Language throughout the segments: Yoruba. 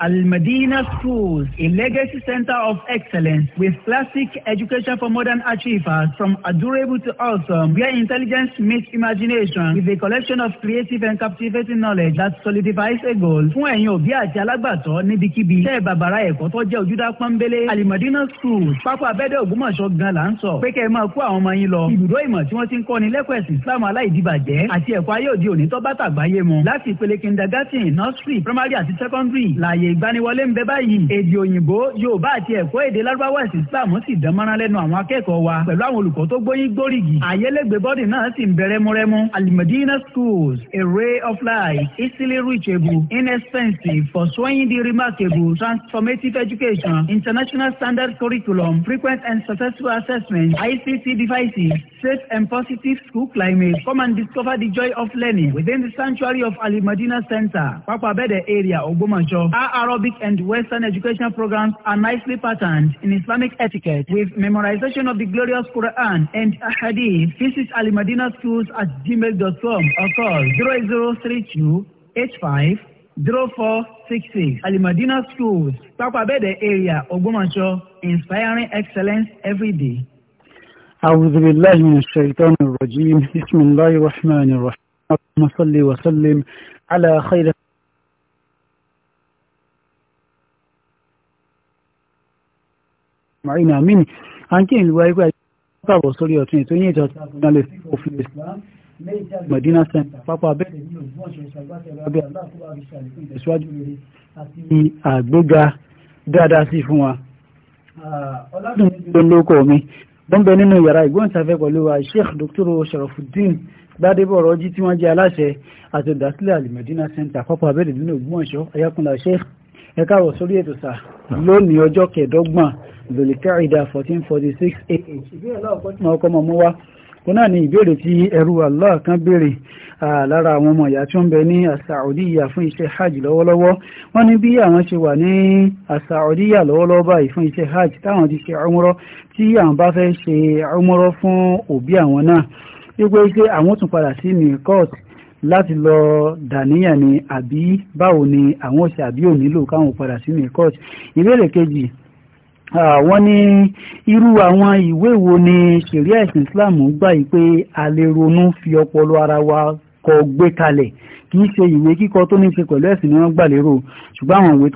Al Madina Schools, a legacy center of excellence with classic education for modern achievers from adorable to awesome, where intelligence meets imagination with a collection of creative and captivating knowledge that solidifies a goal. Fún ẹ̀yin òbí àti alágbàtọ́ níbikíbi, tẹ́ ẹ bàbàrà ẹ̀kọ́ tó jẹ́ ojúdá pọ́nbélé. Al Madina Schools, pápá abẹ́dẹ̀ Ògbómọ̀ṣọ́ gan la ń sọ. Pé kẹ́ ẹ máa kó àwọn ọmọ yín lọ. Ibùdó ìmọ̀ tí wọ́n ti ń kọ́ ni lẹ́kọ̀ọ́ ẹ̀sìn Islam aláìdíbàjẹ́ àti ẹ̀kọ́ ayé òde òní secondary láàyè ààyè ìgbaniwọlé ń bẹ báyìí èdè òyìnbó yorùbá àti ẹ̀kọ́ èdè lárúbáwá ẹ̀sìn islam sì dán mọ́rán lẹ́nu àwọn akẹ́kọ̀ọ́ wa pẹ̀lú àwọn olùkọ́ tó gbóyìn gbóríyì àyẹlẹ́gbẹ́ bọ́dì náà sì ń bẹ rẹ́múrẹ́mú alimadina schools a ray of light easily reachable inexpensive for swaying the remarkable transformative education international standard curriculum frequent and successful assessment ICT devices safe and positive school climate come and discover the joy of learning within the sanctuary of alimadina center pápá abẹ́dẹ̀ area ògbómọ̀ṣọ́ Arabic and Western education programs are nicely patterned in Islamic etiquette with memorization of the glorious Quran and Hadith. Visit Al Madina schools at gmail.com or call 0032 85 0466. Madina schools, Papa Bede area, Ogumacho, inspiring excellence every day. أعوذ بالله من الشيطان الرجيم بسم الله الرحمن الرحيم اللهم صل وسلم على خير Marina آمين عن كين الواقع káàbọ̀ sórí ọ̀tún ètò yìí ìjọba ìdánilẹ̀ òfin islam medina center pápá abẹ́rẹ́ ní ògbó ọ̀ṣọ́ ìṣàgbàtẹ̀rẹ̀ abẹ́ aláàfíà àbíṣàlẹ̀ ìtẹ̀síwájú rere àti àgbéga dáadáa sí fún wa. Ah, ọ̀làdùnmí ló kọ́ mi wọ́n bẹ nínú yàrá ìgbóhùnsáfẹ́ pẹ̀lú wa sheikh dr sharafuddin gbadebo ọ̀rọ̀jì tí wọ́n jẹ́ aláṣẹ àti olùdásílẹ̀ alimedina center pápá abẹ́rẹ́ ní ògbó ọ̀ṣọ́ ayakunla sheikh ẹ káàrọ̀ sórí ètò sà lónìí ọjọ́ kẹẹ̀dọ́gbọ̀n zolikẹ́rìdà 1446 ah ọkọ̀ mọ̀mọ́ wa kò náà ni ìbéèrè tí ẹrú Allah kan béèrè lára àwọn ọmọ ìyá tí ó ń bẹ ní asaudiya fún iṣẹ́ hajj lọ́wọ́lọ́wọ́ wọ́n ní bí àwọn ṣe wà ní asaudiya lọ́wọ́lọ́wọ́ báyìí fún iṣẹ́ hajj táwọn ti ṣe ọmọrọ́ tí àwọn bá fẹ́ ṣe ọmọrọ́ fún òbí àwọn náà wípé ṣé àwọn tún padà sí ní kóòtù láti lọ dàníyàn ni àbí báwo ni àwọn ṣe àbí ò nílò káwọn padà sí mikot ìbéèrè kejì wọ́n ní irú àwọn ìwé wo ni ṣẹ̀ríà ẹ̀sìn Islam gbà yìí pé a lè ronú fi ọpọlọ ara wa kọ gbé kalẹ̀ kì í ṣe ìwé kíkọ tó ní ṣe pẹ̀lú ẹ̀sìn ni wọ́n gbà lérò ṣùgbọ́n àwọn ìwé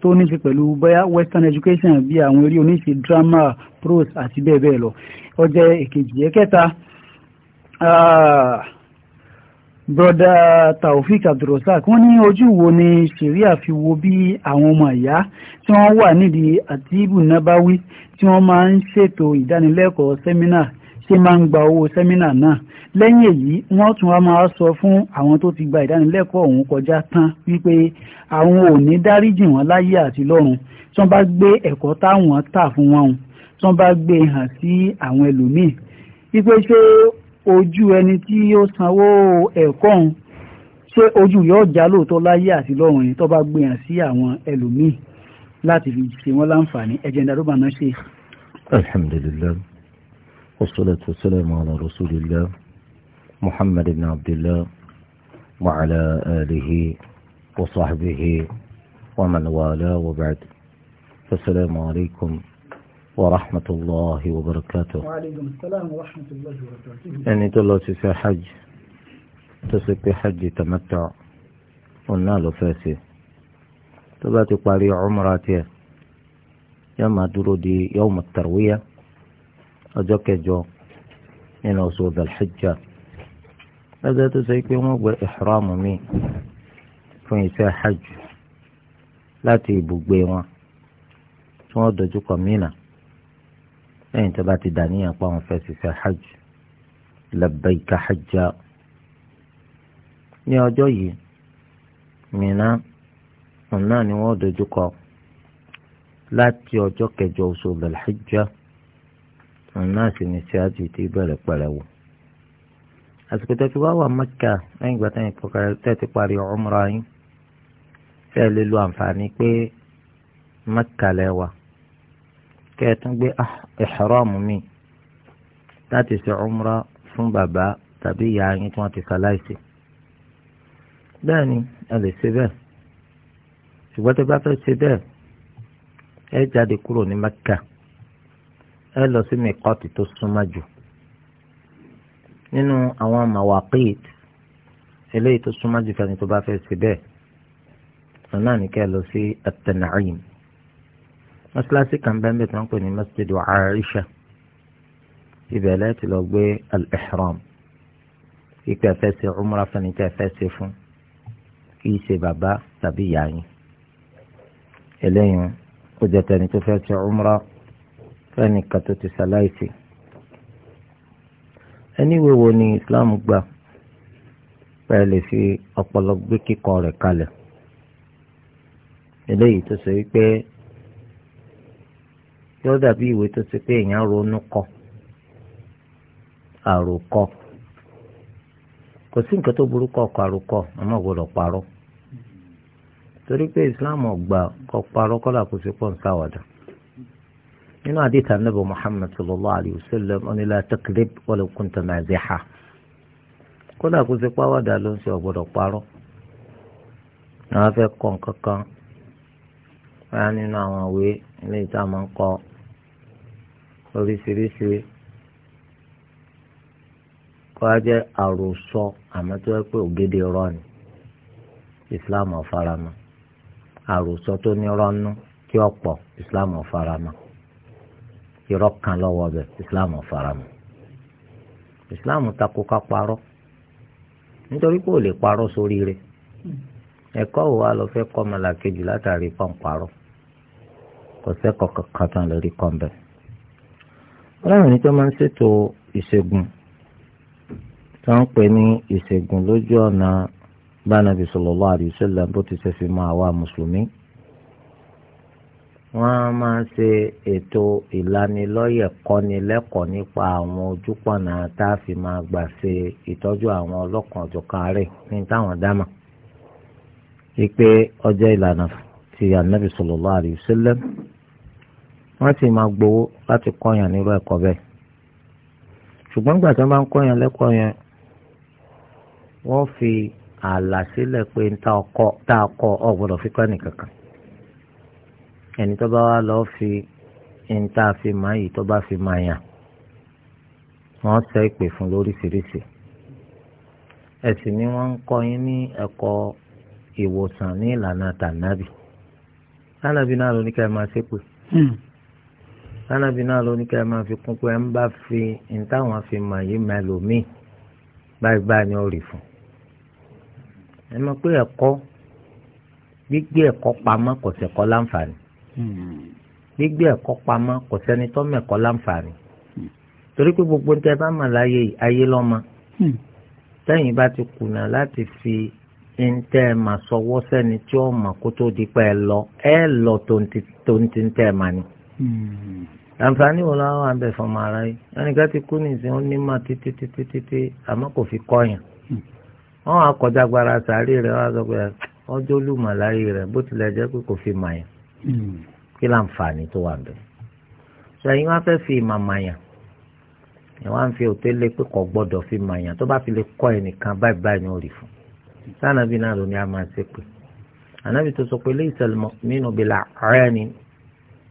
tó ní ṣe pẹ̀lú bóyá western education bí àwọn eré oníṣe drama prose àti bẹ́ẹ̀ bẹ́ẹ̀ lọ ó jẹ́ èkejì ẹ̀kẹta broda taofik abdulrasaq wọ́n ní ojú wo ni ṣẹ̀ríà fi wo bí àwọn ọmọ ìyá tí wọ́n wà nídìí àtìbù nábáwí tí wọ́n máa ń ṣètò ìdánilẹ́kọ̀ọ́ sẹ́mínà ṣe máa ń gba owó sẹ́mínà náà lẹ́yìn èyí wọ́n tún wá máa sọ fún àwọn tó ti gba ìdánilẹ́kọ̀ọ́ ọ̀hún kọjá tán wípé àwọn ò ní dáríjì wọ́n láyé àti lọ́run tí wọ́n bá gbé ẹ̀kọ́ táwọn tà fún wọn tí wọ́n bá gbé e hàn sí àwọn ẹlòmíì wípé ṣé ojú ẹni tí yóò sanwó ẹ̀kọ́ ọ̀hún ṣé ojú yóò já lóòótọ́ láyé àti lọ́run yìí tó bá gbìyàn sí àwọn ẹlòmíì láti fi ṣe wọ́n láǹfààní ẹ̀jẹ̀ ń darúgbà ṣe. alhamdulilayi wasalaatu wasalaamu ala rasulillah muhammad ibn abdillah wa ala alihi wa sahbihi wa man wala wa ba'd asalaamu alaykum. As ورحمة الله وبركاته وعليكم السلام ورحمة الله وبركاته يعني تلو سيسا حج تسيبي حج تمتع قلنا له فاسي تباتي قاري عمراتي يما دلو دي يوم التروية أجوك جو من أصول الحجة هذا تسيبي مقبل إحرام مي فنسا حج لا تيبو بيوان tí جوكا مينه lẹ́yìn tó bá ti dà níyàn pé àwọn fẹ́ ṣiṣẹ́ hajj labbaika hajja ní ọjọ́ yìí Mínà òun náà ni wọ́n dojúkọ láti ọjọ́ kẹjọ oṣù Dhul-Hijja òun náà sì ní sí àjì tí bẹ̀rẹ̀ pẹ̀rẹ̀wò àsìkò tó ti wá wà Mẹ́kà lẹ́yìn ìgbà tẹ́yìn tẹ́ ti parí umrah yín fẹ́ẹ́ lè lo àǹfààní pé Mẹ́kà lẹ́wàá kẹ́ẹ̀tún gbé ìhàrámù ah, mi láti ṣe umra fún bàbá tàbí ìyá yín tí wọ́n ti ṣaláìsí. bẹ́ẹ̀ ni ẹ lè ṣe bẹ́ẹ̀ ṣùgbọ́n tó bá fẹ́ ṣe bẹ́ẹ̀ ẹ jáde kúrò ní Mẹ́kà ẹ lọ sí mìkọ́tì tó súnmọ́ jù nínú àwọn mawaqit eléyìí tó súnmọ́ jù fẹ́ni tó bá fẹ́ ṣe bẹ́ẹ̀ ọ̀nà ní lọ sí at mọ́sálásí kan bẹ́ẹ̀ bẹ́ẹ̀ tó ń pè ní masjidu Aisha ibẹ̀ lẹ́tì lọ gbé al-ihram ipe ẹ̀fẹ́ ṣe umra fẹ́ni tẹ́ ẹ̀fẹ́ ṣe fún kì í ṣe bàbá tàbí ìyá yín eléyìí ó jẹ́ tẹni tó fẹ́ ṣe umra fẹ́ni kan ti ṣaláìsí ẹni wo wo ni Islam gbà pẹ́ lè fi ọpọlọ gbé kíkọ rẹ̀ kalẹ̀ eléyìí tó ṣe wípé yóò dàbí ìwé tó ti pé èèyàn ronú kọ àròkọ kò sí nǹkan tó burú kọ ọkọ àròkọ àmọ́ gbọ́dọ̀ parọ́ torí pé islam ọgbà kọ parọ́ kọlà kò sí pọ̀ nsáwàdà nínú àdìtà ànábì muhammad sallallahu alayhi wa sallam onílà takdib walau kunta maziha kódà kò sí pàwàdà ló ń ṣe ọgbọ́dọ̀ parọ́ àwọn afẹ́ kọ nǹkan kan nínú àwọn ìwé ilé ìta máa ń kọ oríṣiríṣi kọ́ á jẹ́ àròsọ àmọ́ tó yẹ pé ògidì irọ́ islam ọ̀farama àròsọ tó ní rọ́nú tí ọ̀pọ̀ islam ọ̀farama irọ́ kan lọ́wọ́ bẹ̀ islam ọ̀farama islam takò ká parọ́ nítorí pé ò lè parọ́ sórí rẹ̀ ẹ̀kọ́ wo wa lọ fẹ́ kọ́ ọmọlàkejì látàrí pọ́ǹparọ́ kò sẹ́kọ̀ọ́ kankan tán lórí kọ́ńbẹ́ẹ̀. láwọn ẹni tó máa ń ṣètò ìṣègùn tó ń pè ní ìṣègùn lójú ọ̀nà bánabi sallallahu alaihi bó ti ṣe fi máa wá mùsùlùmí wọ́n á máa ṣe ètò ìlanilọ́yẹ̀ kọ́nilẹ́kọ̀ọ́ nípa àwọn ojúpọ̀nà tá a fi máa gbà ṣe ìtọ́jú àwọn ọlọ́kan ọ̀jọ̀kan rẹ̀ ní táwọn dámà ipe ọjọ́ ìlànà ti ànábì sallallahu wọ́n sì máa gbowó láti kọ́yàn nírú ẹ̀kọ́ bẹ́ẹ̀ ṣùgbọ́n gbà tí wọ́n bá ń kọ́yàn lẹ́kọ̀ọ́ yẹn wọ́n fi ààlà sílẹ̀ pé tá a kọ́ ọ gbọ́dọ̀ fi kọ́ ẹnìkankan ẹni tó bá wá lọ́ọ́ fi ẹni tá fi máa yìí tó bá fi máa yàn wọ́n ṣe ìpè fún lóríṣiríṣi ẹ̀sìn ni wọ́n ń kọ́ yín ní ẹ̀kọ́ ìwòsàn ní ìlànà tànàbì tànàbì náà ló ní ká ẹ máa ṣépè. Hmm lánàbí náà lóníkẹ́ ẹ máa fi kún pé ẹ ń bá fi ní táwọn fi mà yí mẹ́lòmíì báyìí báyìí ni ó rì fún ẹ mọ̀ pé ẹ̀kọ́ gbígbé ẹ̀kọ́ pamọ́ kò sẹ́kọ́ láǹfààní gbígbé ẹ̀kọ́ pamọ́ kò sẹ́ni tó mẹ̀kọ́ láǹfààní torí pé gbogbo ń tẹ bá mà láyé ayé lọ́mọ tẹ́yìn bá ti kùnà láti fi ń tẹ́ ẹ mà sọwọ́ sẹ́ni tí ó mọ̀ kó tó di pẹ́ ẹ lọ ẹ lọ tó ń ti ń ẹ mà ni. Hmm. àǹfààní wo la wà bẹ̀ fọmọ ara yìí ẹnìkan ti kú nìsín ó ní mà títí títí títí àmọ́ kò fi kọ́yàn hmm. wọn á kọjá gbára sàárì rẹ̀ wá sọ pé ọjọ́ olùmọ̀láyé rẹ̀ bó tilẹ̀ jẹ́ pé kò fi màyàn hmm. kí láǹfààní tó wà bẹ̀ sẹ́yìn wá fẹ́ fi ìmà màyàn ẹ̀ wá ń fi òtélé pé kò gbọ́dọ̀ fi màyàn tó bá fi lè kọ́ ẹnìkan báyìí báyìí ni ó rí fún sànàbí náà ló ní a máa ṣe pé ànábì tó sọ pé lè ìsẹ̀lẹ̀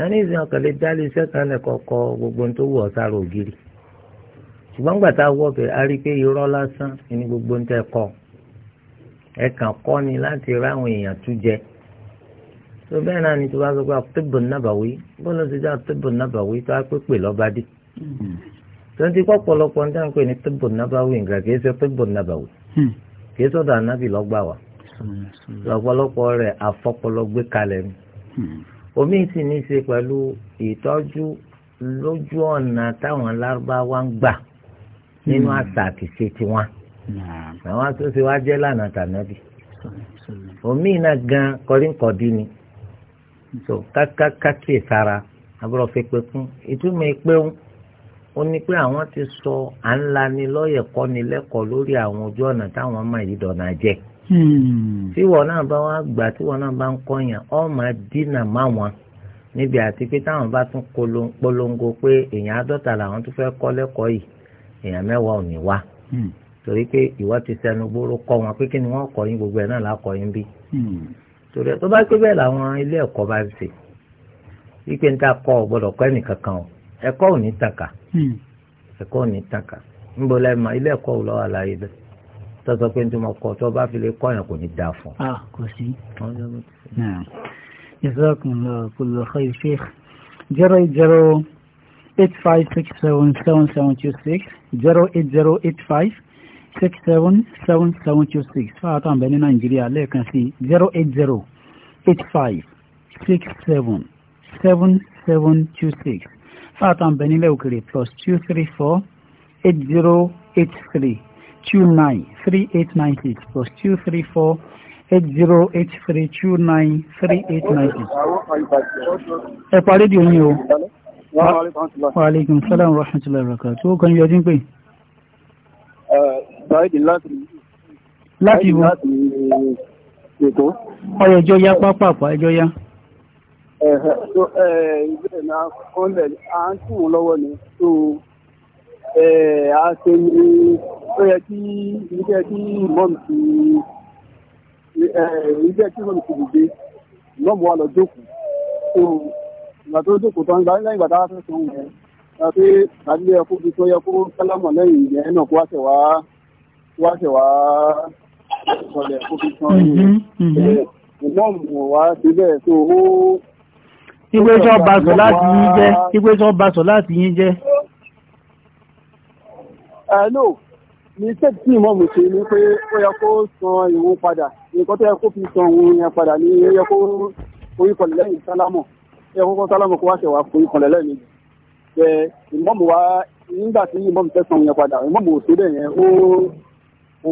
ẹni ìsìn ọkàn lè dálé iṣẹ́ kan lẹ̀ kọ́kọ́ gbogbo tó wù ọ́ sára ògiri ṣùgbọ́n gbà tá a wọ̀ bẹ̀ a rí i pé irọ́ lásán ni gbogbo ń tẹ́ kọ́ ẹ kàn kọ́ ni láti ráwọn èèyàn tú jẹ tó bẹ́ẹ̀ náà ni tó bá sọ pé àtúbù nàbàwí bọ́lá ti jẹ́ àtúbù nàbàwí tó á pépè lọ́ba dé tó ń ti kọ́ pọ̀lọpọ̀ ń dá ń pè ní tíbù nàbàwí nǹkan kì í ṣe tíbù nàbàwí kì í sọ̀dọ̀ ànábì lọ́gbà wa hmm. hmm. ọ̀pọ̀lọpọ̀ rẹ̀ àfọpọlọ kalẹ̀ ni. Hmm omi sì ní í ṣe pẹ̀lú ìtọ́jú lójú ọ̀nà táwọn lárúbáwá ń gbà nínú hmm. àṣà àtìṣe tiwọn àwọn àtúnṣe wa jẹ́ lànà tànàbì omi náà gan kọ́rínkọ́dí ni so kákàkàkì sára àbúrò fi pé kún ìtumọ̀ ìpéhùn ó ní pé àwọn ti sọ à ń lani lọ́yẹ̀kọ́ni lẹ́kọ̀ọ́ lórí àwọn ojú ọ̀nà táwọn ọmọ yìí dọ̀nà jẹ́. Hmm. tí wọn náà bá wọn gbà tí wọn náà bá ń kọyàn ọmọ dínà má wọn níbi àti pé táwọn bá tún polongo pé èèyàn àádọ́ta làwọn tún fẹ́ kọ́ lẹ́kọ̀ọ́ yìí èèyàn mẹ́wàá ò ní wá hmm. torí pé ìwọ ti sẹnu gbóró kọ́ wọn pé kí ni wọ́n kọ́ yín gbogbo ẹ̀ náà bí hmm. torí ẹ tó bá pé ilé ẹ̀kọ́ bá ṣe wípé kọ́ ọ gbọ́dọ̀ kọ́ o ò ní tàkà tọ́sọ pé nítorí ọkọ̀ tó bá fi lè kọ́ yẹn kò ní dáa fún. a ah, kò sí. jazakumullahu kullu khair sheikh zero eight zero eight five six seven seven seven two six zero eight zero eight five six seven seven seven two six fáwọn tó ń bẹ ní nàìjíríà lẹ́ẹ̀kan sí zero eight zero eight five six seven seven seven two six fáwọn ń bẹ nílẹ̀ òkèrè plus two three four eight zero eight three two nine three eight nine eight plus two three four eight zero eight three two nine three eight nine eight. ẹ pa rédíò yín o. wa aleykum salaam wa rahmatullahi wa barakatuh. tó kàn yọ ọdún pé. báyìí láti. láti ibo. láti èkó. ọyọ ẹjọ ya pápápá ẹjọ ya. ẹ̀ẹ́dẹ́gbẹ̀rún náà kọ́ńdẹ̀ à ń tún lọ́wọ́ ni tó a ṣe ní ó yẹ kí ilé kí mọ́mù ti ilé kí mọ́mù ti dìde mọ́mù wa lọ jókòó tó ìgbà tó jókòó tán ìgbà lẹ́yìn ìgbà tá a fẹ́ sọ yẹn la pé àdúgbò ẹ̀kọ́ fi tó yẹ kó sálámọ̀ lẹ́yìn ìyẹn náà kó wá ṣẹ̀ wá kó wá ṣẹ̀ wá sọlẹ̀ kó fi tán yìí mm-hmm, mm-hmm. mọ́mù wá síbẹ̀ tó ó. ìgbésọ̀ bá láti yín jẹ́ ìgbésọ̀ bá láti yín jẹ́. Uh, no mistake tí ìmọ̀ mi ṣe ni pé ó yẹ kó san ìwọ̀n padà nǹkan tó yẹ kó fi san òun yẹn padà ni ó yẹ kó forí kọlẹ̀ lẹ́yìn sálámọ̀ ó yẹ kó kọ́ sálámọ̀ kó wá ṣẹ̀ wá forí kọlẹ̀ lẹ́yìn ẹ ìmọ̀ mi wá nígbà tí ìmọ̀ mi fẹ́ san yẹn padà ìmọ̀ ò tó bẹ́ẹ̀ yẹn ó kò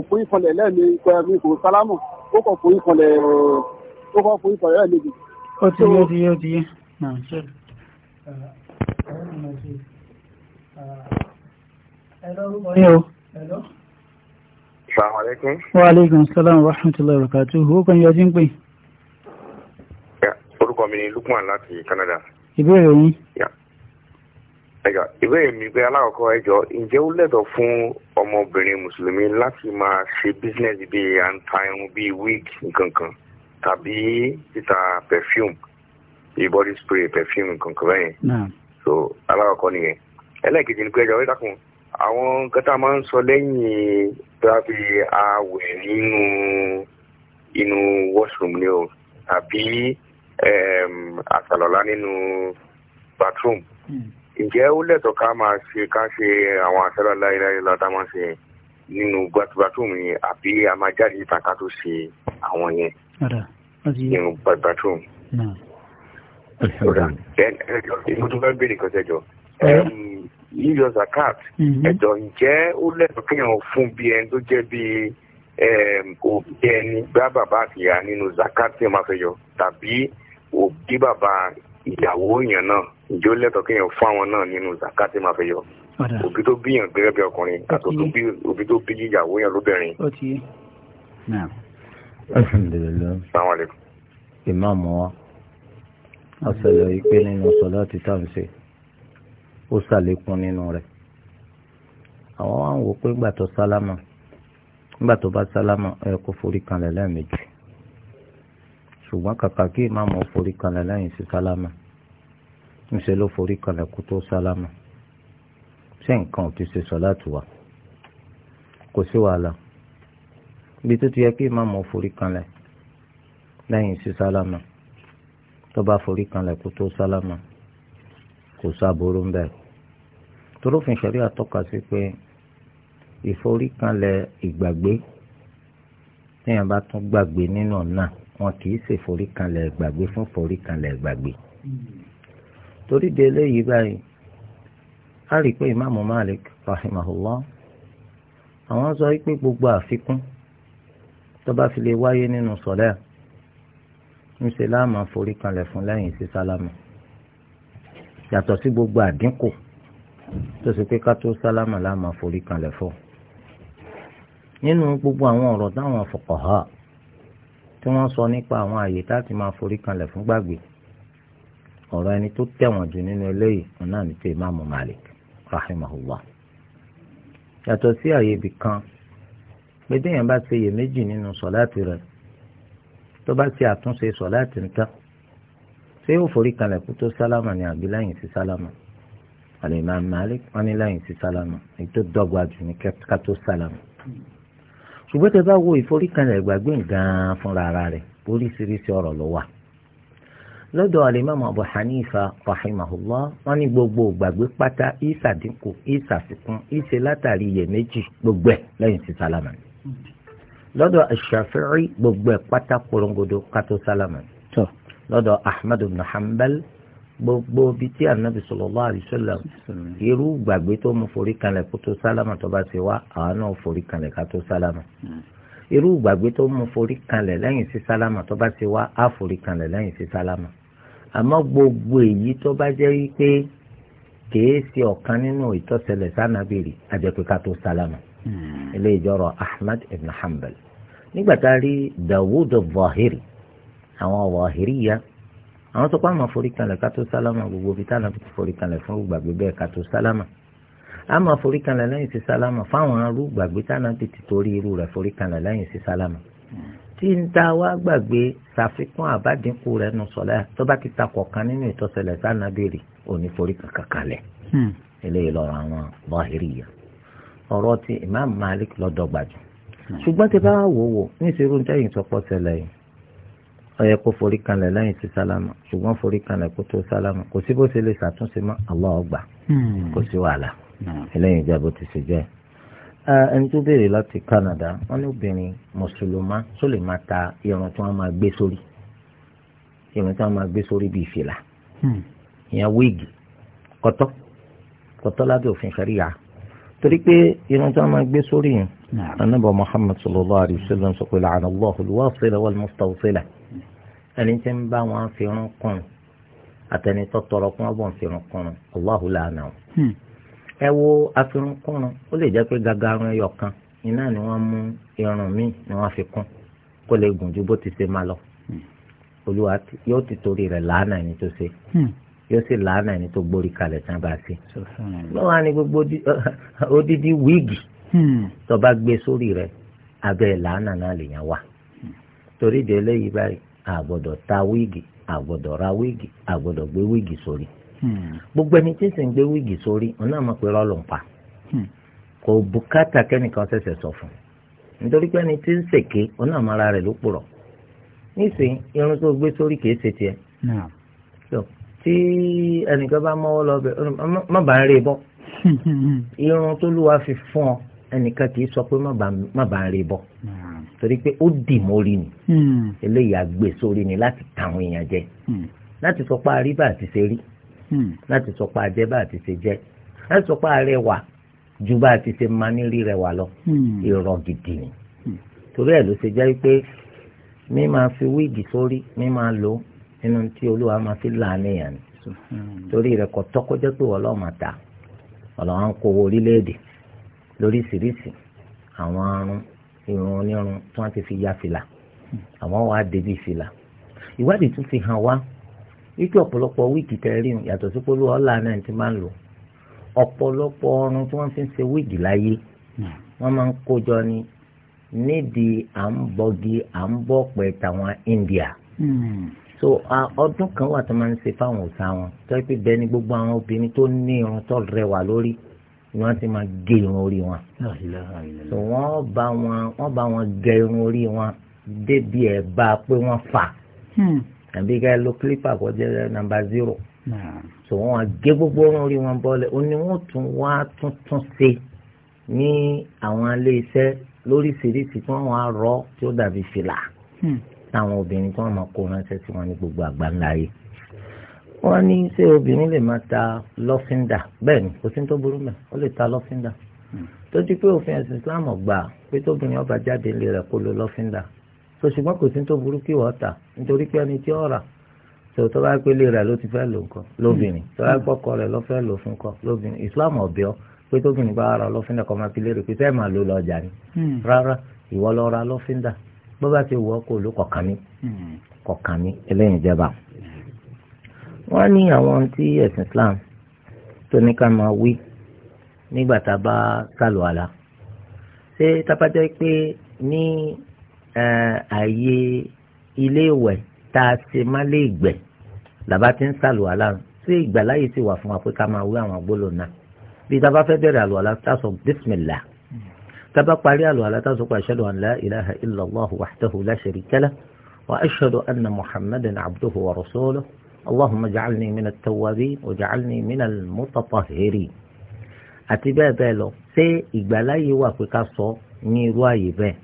forí kọlẹ̀ lẹ́yìn Sàmàlékún. Wa alaikum salam wa rahmatullahi wa barakatuhu. Ó kàn yọ sí ń pè. Orúkọ mi ni Lukman láti Canada. Ìbéèrè yín. Ẹ̀gà ìbéèrè mi pé alákọ̀ọ́kọ́ ẹjọ́ ǹjẹ́ ó lẹ́tọ̀ọ́ fún ọmọbìnrin Mùsùlùmí láti máa ṣe bísínẹ́sì bíi àǹtà irun bíi wig nkankan tàbí títa perfume bíi body spray perfume nkankan bẹ́yẹn. So alákọ̀ọ́kọ́ nìyẹn. Ẹlẹ́ẹ̀kejì ni pé ẹjọ́ ó dákun àwọn nǹkan tá a máa ń sọ lẹ́yìn tàbí àwẹ̀ nínú inú washroom ni o àbí àṣàlọ́lá nínú bathroom hmm. ǹjẹ́ ó lẹ́tọ̀ọ́ ká máa ṣe ká ṣe àwọn àṣàlọ́lá ìlàlílà tá a máa ṣe nínú bathroom yẹn àbí a máa jáde ìta ká tó ṣe àwọn yẹn nínú bathroom. Ẹ ẹ jọ ìmúdúgbà gbé nìkan ṣẹjọ yíyọ zakat mhm. ẹ̀jọ̀ ǹjẹ́ ó lẹ́tọ̀ọ́ kéèyàn fún bí ẹni tó jẹ́ bí òbí ẹni gbá bàbá àti ìyá nínú zakat tí wọ́n máa fẹ́ yọ tàbí òbí bàbá ìyàwó èèyàn náà ǹjẹ́ ó lẹ́tọ̀ọ́ kéèyàn fún àwọn náà nínú zakat tí wọ́n máa fẹ́ yọ òbí tó bíyàn gẹ́gẹ́ bí ọkùnrin àti òbí tó bí ìyàwó èèyàn lóbìnrin. alhamdulilayi salaam wa a sọ̀rọ̀ yìí pé nínú tàbí ṣe ó ṣàlékún nínú rẹ̀ àwọn wa ń wò pé ńgbà tó sálámà ńgbà tó bá sálámà ẹ kó forí kanlẹ̀ lẹ́ẹ̀mejì ṣùgbọ́n kàkà kí ìmáàmù ó forí kanlẹ̀ lẹ́yìn sí sálámà ńṣe ló forí kanlẹ̀ kó tó sálámà ṣé nǹkan ò ti ṣe sọ láti wà kò sí wàhálà ibi tó ti yẹ kí ìmáàmù ó forí kanlẹ̀ lẹ́yìn sí sálámà tó bá forí kanlẹ̀ kó tó sálámà kò sábòrò ń bẹ̀rù torófin ṣẹ̀rí àtọ́ka sí pé ìforíkanlẹ̀ ìgbàgbé téèyàn bá tún gbàgbé nínú ọ̀nà wọn kì í ṣe ìforíkanlẹ̀ ìgbàgbé fún ìforíkanlẹ̀ ìgbàgbé torí de eléyìí báyìí a rí i pé ìmáàmù Malik rahimahullah àwọn sọ pé gbogbo àfikún tó bá fi lè wáyé nínú sọ̀lẹ́ ńṣe láàmú àforíkanlẹ̀ fún lẹ́yìn sí sálámù yàtọ̀ sí gbogbo àdínkù. Si tó sì pé ká tó sálámà láàmà forí kanlẹ̀ fún. nínú gbogbo àwọn ọ̀rọ̀ táwọn fuqaha tí wọ́n sọ nípa àwọn àyè táti máa forí kanlẹ̀ fún gbàgbé ọ̀rọ̀ ẹni tó tẹ̀wọ̀n jù nínú eléyìí wọn náà ní ti ìmáàmù Malik rahimahullah yàtọ̀ sí àyè ibì kan pé téèyàn bá ṣe iyèméjì nínú sọ̀láàtì rẹ̀ tó bá ṣe àtúnṣe sọ̀láàtì ń tán ṣé yóò forí kanlẹ̀ kó tó sálámà ní àbí lẹ́yìn sí sálámà alimami malik wọn ní lẹ́yìn sí sálámù èyí tó dọ́gba jù ní ká tó sálámù ṣùgbọ́n tẹ bá wo ìforíkanlẹ̀ gbàgbé gan-an fúnra ara rẹ̀ oríṣiríṣi ọ̀rọ̀ ló wà lọ́dọ̀ alimami abu hanifa rahimahullah wọn ní gbogbo gbàgbé pátá ìsàdínkù ìsàfikún ìṣe látàrí iyèméjì gbogbo ẹ̀ lẹ́yìn sí sálámù lọ́dọ̀ aṣàfihàn gbogbo ẹ̀ pátá korongodo ká sálámù lọ́dọ̀ ahmadu ibn gbogbo bí tí anabi sallallahu alaihi wasallam irú gbàgbé tó mú forí kanlẹ̀ kó tó sálámà tó bá ti wá àwọn náà forí kanlẹ̀ ká tó sálámà irú gbàgbé tó mú forí kanlẹ̀ lẹ́yìn sí sálámà tó bá ti wá á forí kanlẹ̀ lẹ́yìn sí sálámà àmọ́ gbogbo èyí tó bá jẹ́ wípé kìí ṣe ọ̀kan nínú ìtọ́sẹ̀lẹ̀ sànàbìrì àjẹpẹ́ ká tó sálámà ilé hmm. ìjọrọ̀ Ahmad ibn Hanbal nígbà rí Dawud al àwọn Zahiriya àwọn tó pàmò forí kalẹ̀ ká tó sálámà gbogbo bíi táwọn fi forí kalẹ̀ fún olùgbàgbé bẹ́ẹ̀ ká tó sálámà a máa forí kalẹ̀ lẹ́yìn sí sálámà fáwọn arú gbàgbé táwọn ti ti torí irú rẹ̀ forí kalẹ̀ lẹ́yìn sí sálámà tí ń ta wá gbàgbé ṣàfikún àbádínkù rẹ̀ nù sọ̀lá tó bá ti ta kọ̀ọ̀kan nínú ìtọ́sẹ̀lẹ̀ sáà béèrè òní forí kankan kalẹ̀ hmm. eléyìí lọ́rọ̀ àwọn Zahiriyya Imam Malik lọ́dọ̀ gbàjù hmm. ṣùgbọ́n tí bá wò wò ní ó yẹ kó forí kanlẹ̀ lẹ́yìn tí sálámà ṣùgbọ́n forí kanlẹ̀ kó tó sálámà kò sí bó ṣe lè ṣàtúnṣe mọ́ Allah ọgbà hmm. kò sí wàhálà hmm. eléyìí jẹ́ bó ti ṣe jẹ́ ẹni tó béèrè láti Canada wọ́n ní obìnrin mùsùlùmá tó lè máa ta irun tí wọ́n máa gbé sórí irun tí wọ́n máa gbé sórí bíi fìlà hmm. ìyẹn wíìgì kọ́tọ́ kọ́tọ́ lábẹ́ òfin ṣàríyà torí pé irun tí wọ́n máa gbé sórí yìí anábọ̀ Muhammad sallallahu alayhi wa sallam sọ pé la'ana Allahu al-wasila wal ẹni tí ń bá wọn fi rún kùn àtẹni tó tọrọ kún ọbọ̀ ń fi rún kùn Allahu làánà o. Hmm. ẹ wo afirun kùn ó lè jẹ́ pé gagarun ẹyọ kan iná ni wọ́n mú irun míì ni wọ́n fi kún kó lè gùn ju bó ti ṣe máa lọ hmm. olúwa yóò ti torí rẹ̀ làánà ẹni tó ṣe hmm. yóò sì làánà ẹni tó gbórí kalẹ̀ tán bá ṣe. lọ́wọ́ á gbogbo odidi wíìgì tó bá gbé sórí rẹ̀ abẹ́ làánà náà lèèyàn wà torí ìdè eléyìí báyìí àgbọ̀dọ̀ ta wíìgì àgbọ̀dọ̀ ra wíìgì àgbọ̀dọ̀ gbé wíìgì sórí. Hmm. gbogbo ẹni tí ń sì ń gbé wíìgì sórí òun náà mọ̀ pé rọ́ọ̀lù ń pa hmm. kò bùkátà kẹ́nìkan ṣẹ̀ṣẹ̀ sọ fún un nítorí pé ẹni tí ń ṣèké òun náà mọ ara rẹ̀ ló pòrọ̀ nísìnyí irun tó gbé sórí kìí ṣe tiẹ̀ tí ẹnìkan bá mọ́wọ́ lọ bẹ̀ má bàa rí bọ́ hmm. irun tó lù wá fi fún ọ ẹnìkan kìí sọ pé má bàa rí bọ́ torí pé ó dì mórí ni hmm. eléyìí àgbè sórí ni láti tàwọn èèyàn jẹ hmm. láti sọ pé àrí bá àti ṣe rí hmm. láti sọ pé àjẹ bá àti ṣe jẹ láti sọ pé àrẹwà ju bá àti ṣe máa ní rí rẹwà lọ irọ́ gidi ni torí ẹ̀ ló ṣe jẹ́ pé mi máa fi wíìgì sórí mi máa lò nínú tí olúwa máa fi làánìyàn ni torí rẹ̀ kò tọ́kọ́jẹ́ pé wọ́n lọ́ọ́ ta ọ̀làwọn kò wọ orílẹ̀-èdè lóríṣiríṣi àwọn arún ìrùn onírun tí wọ́n ti fi ya fìlà àwọn wàá débi fìlà ìwádìí tún fi hàn wá wípé ọ̀pọ̀lọpọ̀ wíìgì tẹ́rí yàtọ̀ sí pé olúwa ọ̀la náà ti máa ń lò ọ̀pọ̀lọpọ̀ ọrùn tí wọ́n fi ń ṣe wíìgì láyé wọ́n máa ń kójọ ni nídìí à ń bọgi à ń bọ̀ pẹ̀ tàwọn India so ọdún kan wà tó máa ń ṣe fáwọn òòṣà wọn tó yẹ pé bẹ́ẹ̀ ni gbogbo àwọn obìnrin tó ní irun tó rẹwà lórí ni wọ́n ti máa gé irun orí wọn. so wọ́n bá wọn wọ́n bá wọn gé irun orí wọn débi ẹ̀ bá a pé wọ́n fà hmm. àbí ká ló clipper kó jẹ́ nàmbà zero. so wọ́n gé gbogbo irun orí wọn bọ́lẹ̀ ó ní wọ́n tún wá tuntun ṣe ní àwọn ilé iṣẹ́ lóríṣiríṣi tí wọ́n wá rọ́ tí ó dàbí fìlà hmm. táwọn obìnrin tí wọ́n máa kó ránṣẹ́ tí wọ́n ní gbogbo àgbáńlá yìí wọ́n ní ṣé obìnrin lè máa ta lọ́fíńdà bẹ́ẹ̀ ni kò sí tó burú mẹ́ ó lè ta lọ́fíńdà tó ti pé òfin ẹ̀sìn Islam gbà pé tóbìnrin ọba jáde ilé rẹ̀ kó lo lọ́fíńdà tó ṣùgbọ́n kò sí tó burú kí wọ́n tà nítorí pé ẹni tí ó rà tó tó bá pélé rẹ̀ ló ti fẹ́ lò nǹkan lóbìnrin tó bá gbọ́kọ rẹ̀ ló fẹ́ lò fún kan lóbìnrin Islam ọ̀bẹ ọ pé tóbìnrin bá ra lọ́fíńdà kọ́ máa fi lérè pé sẹ́ẹ̀ máa lo lọ́jà ni hmm. rárá ìwọ lọ ra lọ́fíńdà bó bá ti wọ́ kó ló kọ̀ọ̀kan mi hmm. kọ̀ọ̀kan mi eléyìí jẹba wọ́n ní àwọn tí ẹ̀sìn Islam tó ní ká máa wí nígbà tá a bá sàlù àlá ṣé tábàjẹ́ pé ní ààyè ilé ìwẹ̀ tá a ṣe má lè gbẹ̀ làbá ti ń sàlù àlá ṣé ìgbàláyè sì wà fún wa pé ká máa wí àwọn gbólóhùn náà bí tá a bá fẹ́ bẹ̀rẹ̀ àlùwàlá tá a sọ bísímìlà tá a bá parí àlùwàlá tá a sọ pé ashhadu an la ilaha illallah wahdahu la sharika lah wa ashhadu anna muhammadan اللهم اجعلني من التوابين واجعلني من المتطهرين àti bẹ́ẹ̀ bẹ́ẹ̀ lọ ṣé ìgbàláyé wà pé ká sọ ní irú àyè bẹ́ẹ̀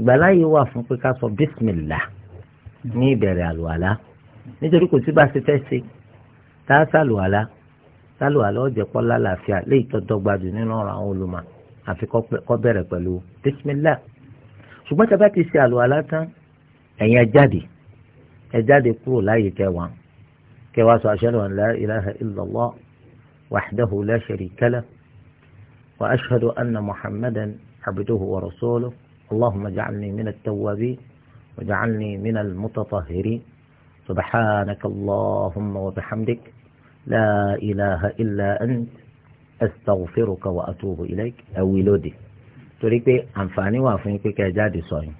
ìgbàláyé wà fún pé ká sọ bísímìlà ní ìbẹ̀rẹ̀ àlùwàlá nítorí kò sí bá ṣe fẹ́ ṣe tá a ṣàlùwàlá ṣàlùwàlá ọ̀jẹ̀ kọ́ lálàáfíà léyìí tó dọ́gba jù nínú ọ̀rọ̀ àwọn olùmọ̀ àfi kọ́ bẹ̀rẹ̀ pẹ̀lú bísímìlà ṣùgbọ́n tí a bá ti ṣe àlùwàlá tán ẹ̀yin ẹ jáde ẹ jáde kúrò láyè kẹwàá كواس أشهد أن لا إله إلا الله وحده لا شريك له وأشهد أن محمدا عبده ورسوله اللهم اجعلني من التوابين واجعلني من المتطهرين سبحانك اللهم وبحمدك لا إله إلا أنت أستغفرك وأتوب إليك أو دي تريك أنفاني àǹfààní wà fún yín pé kẹ́ jáde sọ الله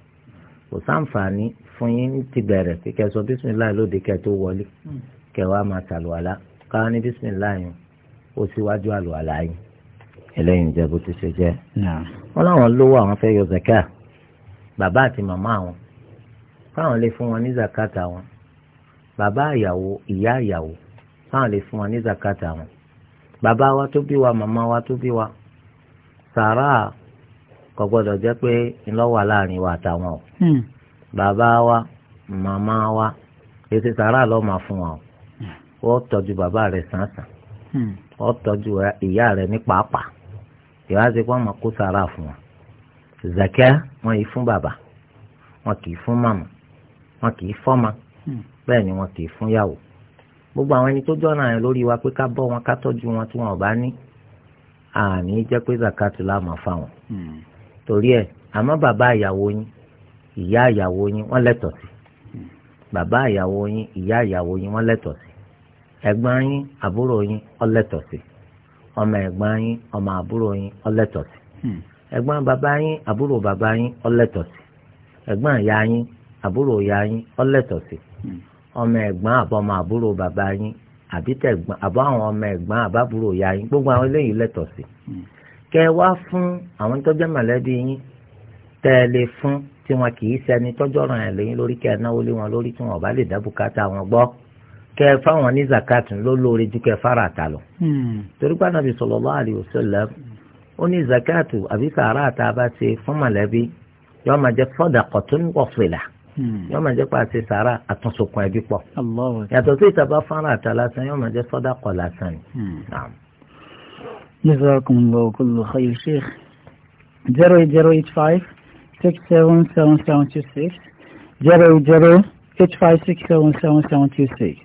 kò sáǹfààní fún kẹwàá máa tàlùwàlá káwọn ní bísímìlá yẹn ó síwájú àlùwàlá yẹn ẹlẹ́yìn ìjẹ́ bó ti ṣe jẹ́. wọ́n láwọn lówó àwọn fẹ́ yọ zakat bàbá àti màmá àwọn káwọn lè fún wọn ní zakat àwọn bàbá àyàwó ìyá àyàwó káwọn lè fún wọn ní zakat àwọn bàbá wa tó bí wa màmá wa tó bí wa sàrà kò gbọdọ̀ jẹ́ pé ńlọ́wà láàrin wa àtàwọn o hmm. bàbá wa màmá wa ètò sàrà lọ́ọ́ máa fún wa o wọ́n tọ́jú bàbá rẹ̀ sàǹsàn wọ́n hmm. tọ́jú ìyá rẹ̀ ní pàápàá ìwádìí pé wọ́n máa kó sàrà fún wọn zakẹ́ wọn yìí fún bàbá wọn kì í fún màmá wọn kì í fọ́mà hmm. bẹ́ẹ̀ ni wọn kì í fún yàwó gbogbo àwọn ẹni tó jọ́nà yẹn lórí wa pé ká bọ́ wọn ká tọ́jú wọn tí wọn ò bá ní àní jẹ́ pé zakatu la máa fa wọn hmm. torí ẹ̀ àmọ́ bàbá ìyàwó yín ìyá ìyàwó yín wọ́n lẹ́tọ̀ọ́ sí bàbá ìyàwó yín ìyá ìyàwó yín wọ́n lẹ́tọ̀ọ́ sí ẹ̀gbọ́n yín àbúrò yín ọlẹ́tọ̀ sí ọmọ ẹ̀gbọ́n yín ọmọ àbúrò yín ọlẹ́tọ̀ sí hmm. ẹ̀gbọ́n bàbá yín àbúrò bàbá yín ọlẹ́tọ̀ sí ẹ̀gbọ́n ìyá yín àbúrò ìyá yín ọlẹ́tọ̀ sí hmm. ọmọ ẹ̀gbọ́n àbọ̀mọ àbúrò bàbá yín àbítẹ̀gbọ́n àbọ̀ àwọn ọmọ ẹ̀gbọ́n àbábúrò ìyá yín gbogbo àwọn eléyìí lẹ́tọ̀ sí hmm. kẹ wá fún àwọn tọ́jú mọ̀lẹ́bí yín tẹ́ ẹ lè fún tí wọn kì í ṣẹni tọ́jọ́ràn ẹ̀ lẹ́yìn lórí kẹ́ náwó lé wọn lórí tí wọn ò bá lè dábùkátà wọn gbọ́ kẹ fáwọn ní zakat ló lórí ju kẹ fara ta lọ. Hmm. torí pé anabi sallallahu alaihi wasallam ó ní zakat àbí sàrà tá a bá ṣe fún mọ̀lẹ́bí yóò máa jẹ sadaqatun wa sila hmm. yóò máa jẹ pé a ṣe sàrà àtúnṣokùn ẹbí pọ̀. yàtọ̀ sí ìtàbá fara ta lásán yóò máa jẹ sadaqa lásán ni. Hmm. zero eight zero eight five six seven seven seven two six zero zero eight five six seven seven seven two six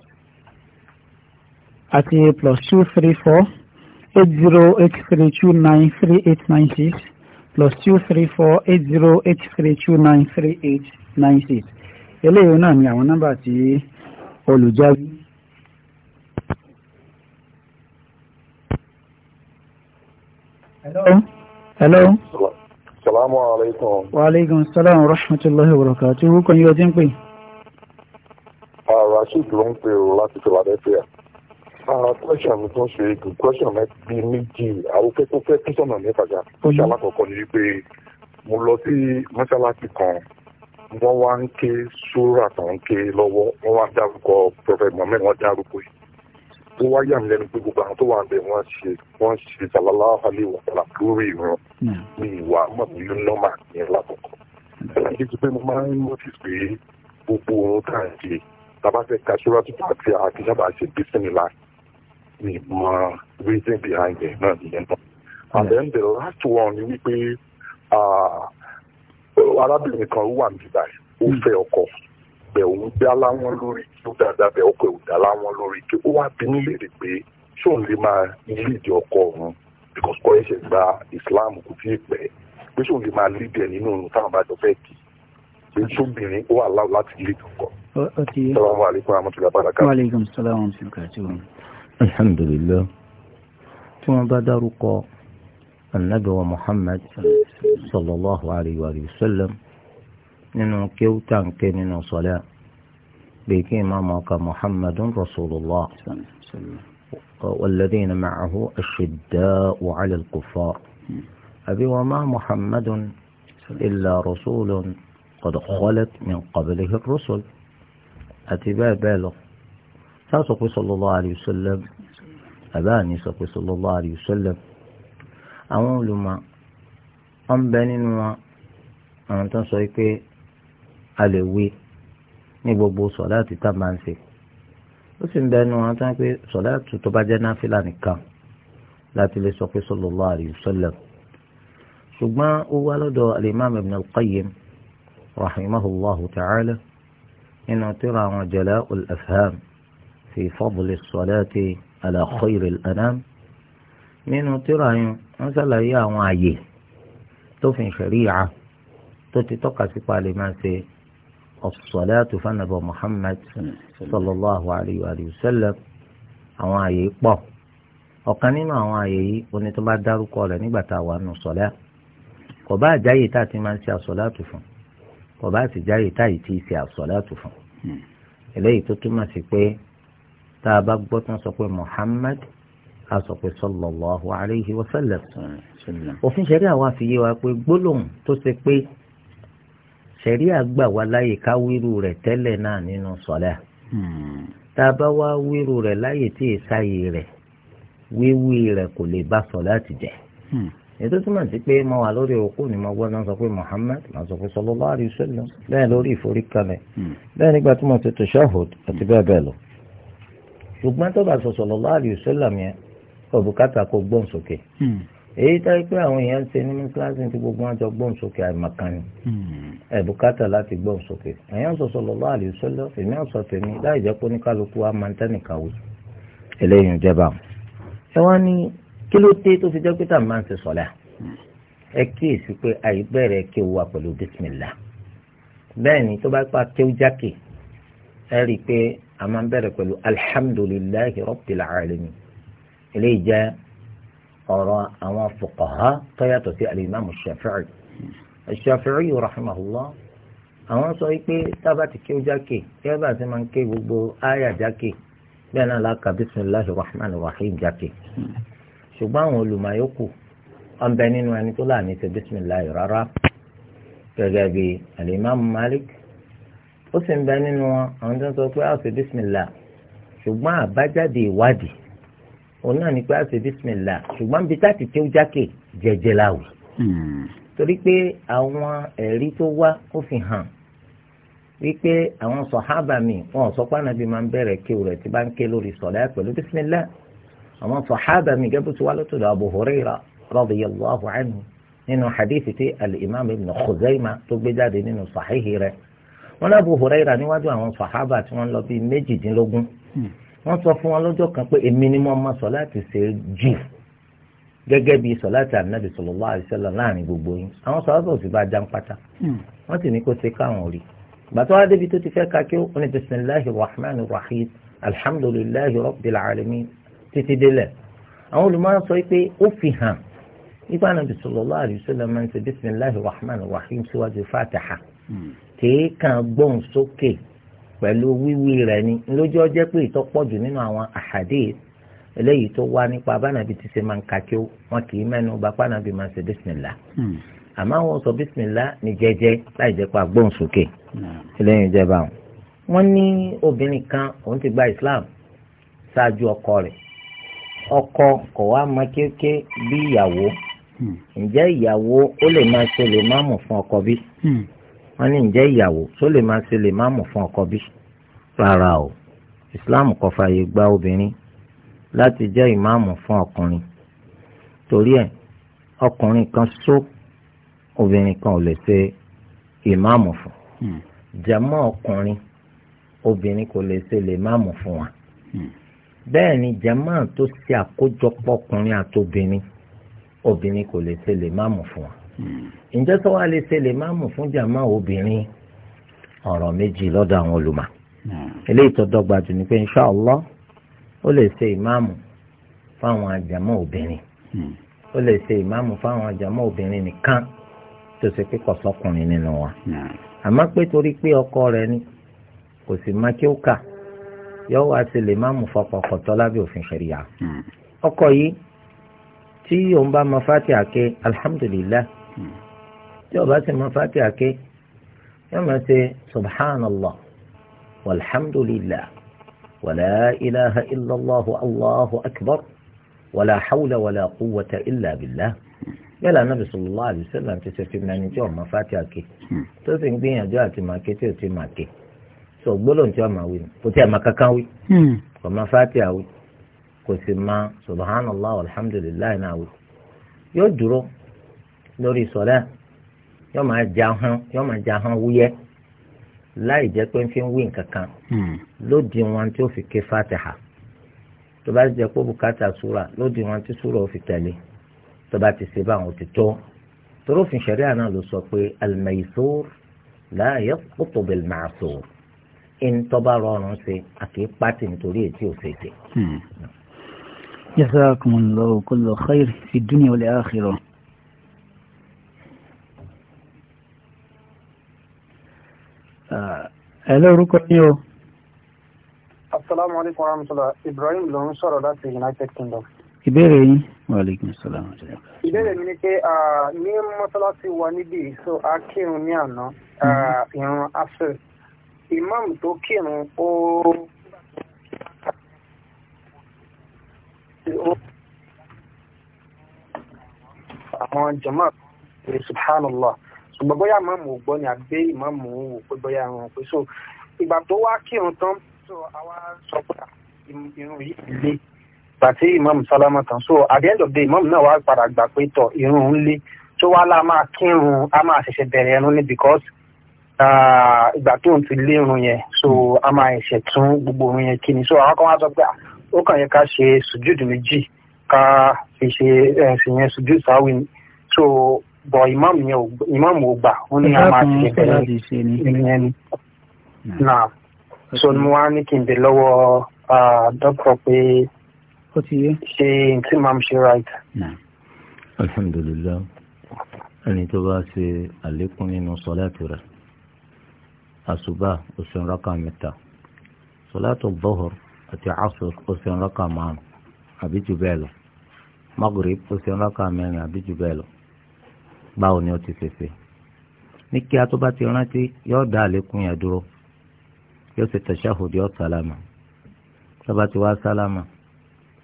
àti plus two three four eight zero eight three two nine three eight nine six plus two three four eight zero eight three two nine three eight nine six eléyìí náà ni àwọn nọ́mbà tí olùjáwí. hello. hello. salaamu aleykum. wa aleykum salaam wa rahmatulahi wa barakatuhu kan yóò ti ń pè. Ah, rasheed ló ń pè o láti Philadelphia. Ah, question tó ń ṣe kò question bíi méjì àwòkẹ́ tó fẹ́ question náà mẹ́fà já question mhm. alákọ̀ọ́kọ́ ni wípé mo lọ sí mọ́ṣáláṣí kan wọ́n wá ń ké sóra tó ń ké lọ́wọ́ wọ́n wá dárúkọ prophet mohammed wọ́n dárúkọ yìí tó wá yà mí lẹ́nu pé gbogbo àwọn tó wà ń bẹ̀ wọ́n ṣe wọ́n ṣe sallallahu alaihi wa sallam lórí ìran ní ìwà mọ̀mílú nọ́mà ní lákòókò. ẹ̀rọ ti tá à ń ṣe tàbá fẹ́ ka sóra tó bá ti ṣe bísí mi láì mi reason behind it náà nìyẹn náà and then the last one wípé arábìnrin kan wà níbi ó fẹ́ ọkọ bẹ̀ òun dá láwọn lórí kí ó dáadáa bẹ̀ ọkọ ẹ̀ ò dá láwọn lórí kí ó wá bí nílé rẹ̀ pé ṣé òun lè máa lead ọkọ òun because kọ́ ẹ̀ṣẹ̀ gba Islam kò tí ì pé ṣé òun lè máa lead ẹ̀ nínú òun táwọn bá fẹ́ kì í pé ṣóbìnrin ó wà láwọ láti lead ọkọ. Salamu alaikum warahmatullahi wabarakatuh. Wa alaikum salaam wa rahmatullahi wabarakatuh. الحمد لله ثم بعد رقى النبي محمد صلى الله عليه وآله وسلم إنه كيو تان كان صلاة بيكي ماماك محمد رسول الله والذين معه الشداء على الكفار أبي وما محمد إلا رسول قد خلت من قبله الرسل أتباع بالغ sá sọ pé sallallahu alayhi wa sallam àbá àní sọ pé sallallahu alayhi wa sallam àwọn olùmọ̀ wọn bẹ nínú wọn àwọn tó ń sọ pé a lè wí ní gbogbo sọ̀láàtì tá a máa ń ṣe ó sì ń bẹ nínú wọn tó ń pé sọ̀láàtì tó bá jẹ́ náfìlà nìkan láti lè sọ pé sallallahu alayhi ṣùgbọ́n ó wá lọ́dọ̀ al-imam ibn al-qayyim ta'ala nínú tírà àwọn jala'ul afham. في فضل الصلاة على خير الأنام nínú tíra yẹn wọ́n ṣàlàyé àwọn شريعة tó fi ṣẹ̀ríyà tó ti tọ́ka sí palẹ̀ máa ṣe as-salatu fanabọ̀ Muhammad sallallahu alayhi wa sallam àwọn àyè pọ̀ ọ̀kan nínú àwọn àyè yìí oní tó bá dárúkọ rẹ̀ nígbà tá a wà nù sọ̀lá kò bá àjáyè tá a ti máa ń ṣe as-salatu kò bá àtìjáyè tá a yìí ti ṣe as-salatu hmm. eléyìí tó túmọ̀ sí pé tá a bá gbọ́ tán sọ pé Muhammad a sọ pé sallallahu alayhi wa sallam òfin ṣẹ̀ríà wa fi yé wa pé gbólóhùn tó ṣe pé ṣẹ̀ríà gbà wá láyè ká wíru rẹ̀ tẹ́lẹ̀ náà nínú sọ̀lá tá a bá wá wíru rẹ̀ láyè tí ìsáyè rẹ̀ wíwí rẹ̀ kò lè bá sọ̀lá ti jẹ́ hmm. ètò túmọ̀ sí pé mo wà lórí òkú ni mo gbọ́dọ̀ sọ pé Muhammad ma sọ pé sallallahu alayhi wa sallam bẹ́ẹ̀ lórí ìforíkalẹ̀ hmm ṣùgbọ́n tó bá sọ sallallahu alaihi wasallam yẹn kò bùkátà kó gbọ́n sókè hmm. èyí tá pé àwọn èèyàn ń ṣe ní kíláàsì tí gbogbo wọn jọ gbọ́n sókè àìmọ̀kan ni hmm. ẹ̀ bùkátà láti gbọ́n sókè èèyàn sọ sallallahu alaihi wasallam èmi ọ̀sọ̀ tèmi láì jẹ́ pé oníkálukú wa máa ń tẹ́nìkan wò eléyìí ń jẹba ẹ wá ní kí ló dé tó fi jẹ́ pé tàbí máa ń ṣe a máa ń bẹ̀rẹ̀ pẹ̀lú alhamdulillahi rabbil alamin eléyìí jẹ́ ọ̀rọ̀ àwọn fuqaha tó yàtọ̀ sí alimami shafi'i shafi'i rahimahullah àwọn sọ wípé tábà ti kí ó jákè kí ẹ bá ti máa ń ké gbogbo áyà jákè bẹ́ẹ̀ náà láka bisimilahi rahman rahim jákè ṣùgbọ́n àwọn olùmọ̀ọ́yọ́kù ọ̀nbẹ nínú ẹni tó láàánú ṣe bisimilahi rárá gẹ́gẹ́ bíi alimami malik ó sì ń bẹ nínú wọn àwọn tó ń sọ pé a ṣe bísímìlà ṣùgbọ́n àbájáde ìwádìí òun náà ní pé a ṣe bísímìlà ṣùgbọ́n bí táàtì tí ó jákè jẹjẹ láwù. Hmm. torí pé àwọn ẹ̀rí tó wá ó fi hàn wípé àwọn sọ̀hábà mi wọn ò sọ pé ànábì máa ń bẹ̀rẹ̀ kéwù rẹ̀ tí bá ń ké lórí sọ̀lá pẹ̀lú bísímìlà àwọn sọ̀hábà mi gẹ́gẹ́ bó ti wá lọ́tọ̀dọ̀ Abu nínú hadith tí al Ibn Khuzaimah tó gbé jáde nínú sahihi rẹ̀ wọn lábò Huraira níwájú àwọn sàhábà tí wọ́n lọ bíi méjìdínlógún hmm. wọ́n sọ fún wọn lọ́jọ́ kan pé èmi ni mo máa sọ láti ṣe jù gẹ́gẹ́ bíi sọ láti ànábì sallallahu alaihi wasallam láàrin gbogbo yín àwọn sàhábà ò sì bá já ń pátá hmm. wọ́n sì ní kó ṣe káwọn rí gbàtọ́ wá débi tó ti fẹ́ ka kí ó ní bisimilahi rahman rahim alhamdulilahi rabbil alamin títí délẹ̀ àwọn olùmọ̀ràn sọ pé ó fi hàn nípa ànábì sallallahu alaihi wasallam máa ń ṣe bisimilahi rahman rahim síwájú fatiha hmm kìí kan gbóhùn sókè pẹ̀lú wíwí rẹ̀ ni lójú ọjọ́ pé ìtọ́pọ̀jù nínú àwọn ahadith eléyìí tó wá nípa abánabi ti ṣe máa ń ka kí wọn kì í mẹ́nu bá pánabi máa ṣe bísímìlá hmm. àmọ́ àwọn sọ bísímìlá ní jẹ́jẹ́ láì jẹ́ pa gbóhùn sókè hmm. eléyìí jẹba wọn. wọ́n ní obìnrin kan òun ti gba Islam ṣáájú ọkọ rẹ̀ ọkọ kò wá mọ kéèké bí ìyàwó hmm. ǹjẹ́ ìyàwó ó lè máa ṣe lè má mú fún ọkọ bí wọ́n ní ǹjẹ́ ìyàwó tó lè máa ṣe lè má mú fún ọkọ bí rárá o islam kò fààyè gba obìnrin láti jẹ́ ìmáàmù fún ọkùnrin torí ẹ̀ ọkùnrin kan só obìnrin kan ò lè ṣe ìmáàmù fún hmm. jàmá ọkùnrin obìnrin kò lè ṣe lè máàmù fún wa hmm. bẹ́ẹ̀ ni jàmá tó ṣe àkójọpọ̀ ọkùnrin àtobìnrin obìnrin kò lè ṣe lè máàmù fún wa. ǹjẹ́ tó wàá lè ṣe lè má mú fún jàmá obìnrin ọ̀rọ̀ méjì lọ́dọ̀ àwọn olùmọ̀ hmm. eléyìí tó dọ́gba jù ni pé inṣàlá ó lè ṣe ìmáàmù fáwọn àjàmá obìnrin hmm. ó lè ṣe ìmáàmù fáwọn àjàmá obìnrin nìkan tó ṣe pé kọ̀sọ́kùnrin nínú wa hmm. àmọ́ pé ni kò sì kí ó kà ṣe lè lábẹ́ òfin ọkọ yìí tí òun fati ake tí ọba ti mọ fatiha ké yóò máa ṣe subhanallah walhamdulillah wàlá ilaha illallah allahu akbar wàlá hawla wàlá quwwata illa billah yálà nàbì sallallahu alaihi wasallam ti ṣe fi mẹni tí ọmọ fatiha ké tó sì ń gbìyànjú àti máa ké tí ò ti máa ké sọ gbólóhùn tí ọmọ wí kò tí ẹ máa kankan wí kò máa fatiha wí kò sì máa subhanallah walhamdulillah náà wí yóò dúró lórí sọ̀dá yóò máa ja hán yóò máa ja hán wúyẹ́ láì jẹ́ pé ń fi ń wí nǹkan kan hmm. lódì wọn tí ó fi ké fatiha tó bá jẹ́ pé bùkátà súra lódì wọn tí súra ó fi tẹ̀lé tó bá ti ṣe báwọn ti tó torófin ṣẹ̀ríà náà ló sọ pé al-maysur la yasqutu bil-ma'sur ìntọ́ba rọrùn ṣe àkíyèpátì nítorí ètí òṣèjì. Hmm. jazakumullahu kullu khair fi dunya wal akhirah. ẹ̀lẹ́ ah, orúkọ yín o. asalaamu alaykum wa rahmatulah ibrahim ló ń sọ̀rọ̀ láti united kingdom. ìbéèrè yín wa aleykum salaam. ìbéèrè mi ni pé ah, ní mọ́sálásí wa níbí so a kírun ní àná ah, mm-hmm. ìrun asir imam tó kírun ó. àwọn jamaat subhanallah ṣùgbọ́n bóyá ìmáàmù ò gbọ́ ni àbí pé ìmáàmù ò wò pé bóyá àwọn pé so ìgbà tó wá kírun tán so àwa sọ pé irun yìí lé pàtí ìmáàmù sálámà tán so at the end of the day ìmáàmù náà wá padà gbà pé tọ irun ń lé tó wá la máa kírun a máa ṣẹ̀ṣẹ̀ bẹ̀rẹ̀ ẹnu ni because ìgbà tó ń ti lé irun yẹn so a máa ṣẹ̀ tún gbogbo irun yẹn kí ni so àwọn kan wá sọ pé ó kàn yẹ ká ṣe sùjúdù méjì ká fi ṣe ẹ̀sìn yẹn sùjúdù sáwìn so bọ̀ ìmáàmù yẹn ìmáàmù ò gbà ó ní a máa ti ṣe pẹ̀lú ìyẹn ni. náà so mo wá ní kí n bè lọ́wọ́ dọ́kítọ̀ pé ṣé n tí màá ṣe right. alhamdulilayi ẹni tó bá ṣe àlékún nínú sọláàtì rẹ̀ àṣùbà oṣù rákà mẹ́ta sọláàtì bọ́hùr àti asr oṣù rákà márùn àbí jù bẹ́ẹ̀ lọ magrib oṣù rákà mẹ́rin àbí jù bẹ́ẹ̀ lọ. báwo ni ó ti fèsè ní kí a tó bá ti rántí yóò dá àlékún yẹn dúró yóò ṣe tàṣàhùdì yóò sálámà tó ti wá sálámà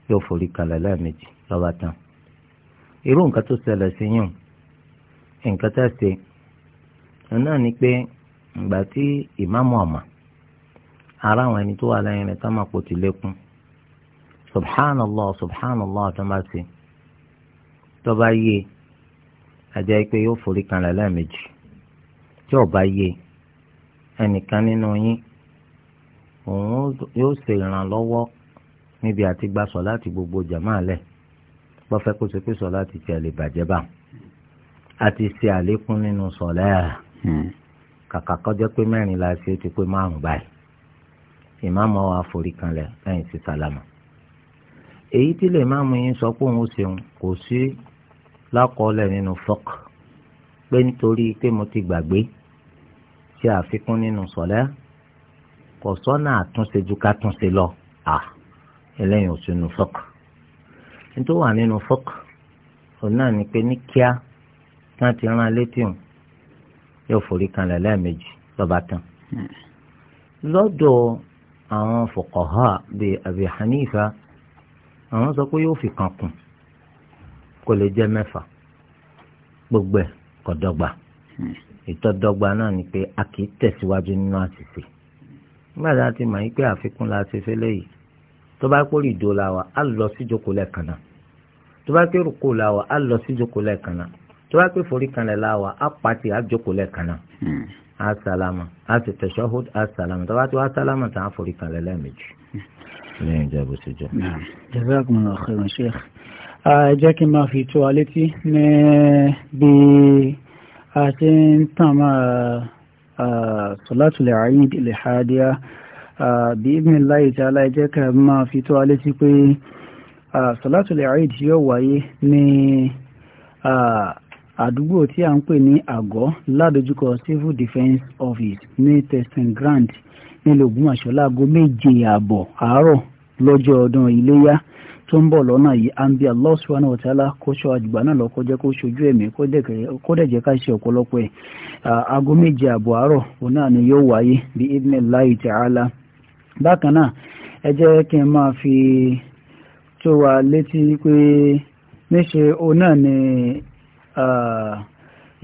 yóò forí kalẹ̀ lẹ́ẹ̀mejì tó tán irú nǹkan tó ṣẹlẹ̀ sí yín nǹkan tá ṣe náà ni pé ìgbà tí ìmáàmù ọ̀mà ara àwọn ẹni tó wà lẹ́yìn rẹ̀ táwọn subhanallah subhanallah tó bá ṣe tó e. àjẹ́ pé yóò forí kanlẹ̀ lẹ́ẹ̀mejì tí ó bá yé ẹnìkan nínú yín òun yóò ṣe ìrànlọ́wọ́ níbi àti gba sọ láti gbogbo jàmáà lẹ̀ gbọ́fẹ́ kó ṣe pé sọ láti tiẹ̀ lè bàjẹ́ bá àti ṣe àlékún nínú sọ̀lẹ́ ẹ̀ hmm. kàkà kọjá pé mẹ́rin la ṣe ó ti pé márùn báyìí ìmáàmù wa forí kanlẹ̀ lẹ́yìn sí sálámà èyí tí lè máàmù yín sọ pé òun ṣeun kò sí lákọọ́lẹ̀ nínú fọ́k pé nítorí pé mo ti gbàgbé ṣe àfikún nínú sọ̀lẹ́ kò sọ́nà àtúnṣe ju ká túnṣe lọ à ẹlẹ́yìn òṣùnú fọ́k nítorí wà nínú fọ́k òun náà ni pé ní kíá tí wọ́n ti rán létí òun yóò forí kanlẹ̀ lẹ́ẹ̀mejì lọ́ba tán lọ́dọ̀ àwọn fuqaha bíi Abi Hanifa àwọn sọ pé yóò fi kan kùn kò lè jẹ́ mẹ́fà gbogbo ẹ̀ kò dọ́gba ìtọ́dọ́gba náà ni pé a kì í tẹ̀síwájú nínú àṣìṣe nígbà tá a ti mọ̀ yín pé àfikún la ṣe fẹ́lẹ́ yìí tó bá pé ìdó la wà á lọ sí ìjókòó lẹ́ẹ̀kan náà tó bá pé rúkó la wà á lọ sí ìjókòó lẹ́ẹ̀kan náà tó bá pé forí kanlẹ̀ la wà á pàtì á jókòó lẹ́ẹ̀kan náà á sàlámà á sì tashahhud á sàlámà tó bá tó á sàlámà tán á forí kanlẹ̀ lẹ́ẹ̀mejì. lẹ́yìn ìjà bó ṣe jẹ́. jazakumullahu khairan sheikh jẹ́ kí n máa fi tó wa létí ní bí a ti ń tàn máa sọ̀látùlẹ̀ àyíd ilẹ̀ hadiya bí ibn láì tí aláìjẹ́ ká máa fi tó wa létí pé sọ̀látùlẹ̀ àyíd yóò wáyé ní àdúgbò tí a ń pè ní àgọ́ ládojúkọ civil defence office ní testing grant nílùú Ògbómọ̀ṣọ́ láago méje ààbọ̀ àárọ̀ lọ́jọ́ ọdún iléyá tó ń bọ̀ lọ́nà yìí à ń bí Allah subhanahu wa ta'ala kó ṣọ àjùgbà náà lọ kó jẹ́ kó ṣojú ẹ̀mí kó dẹ̀ jẹ́ ká ṣe ọ̀pọ̀lọpọ̀ ẹ̀ aago méje àbọ̀ àárọ̀ òun náà ni yóò wáyé bí idhnillahi ta'ala bákan náà ẹ jẹ́ kí n máa fi tó wa létí pé níṣe òun náà ni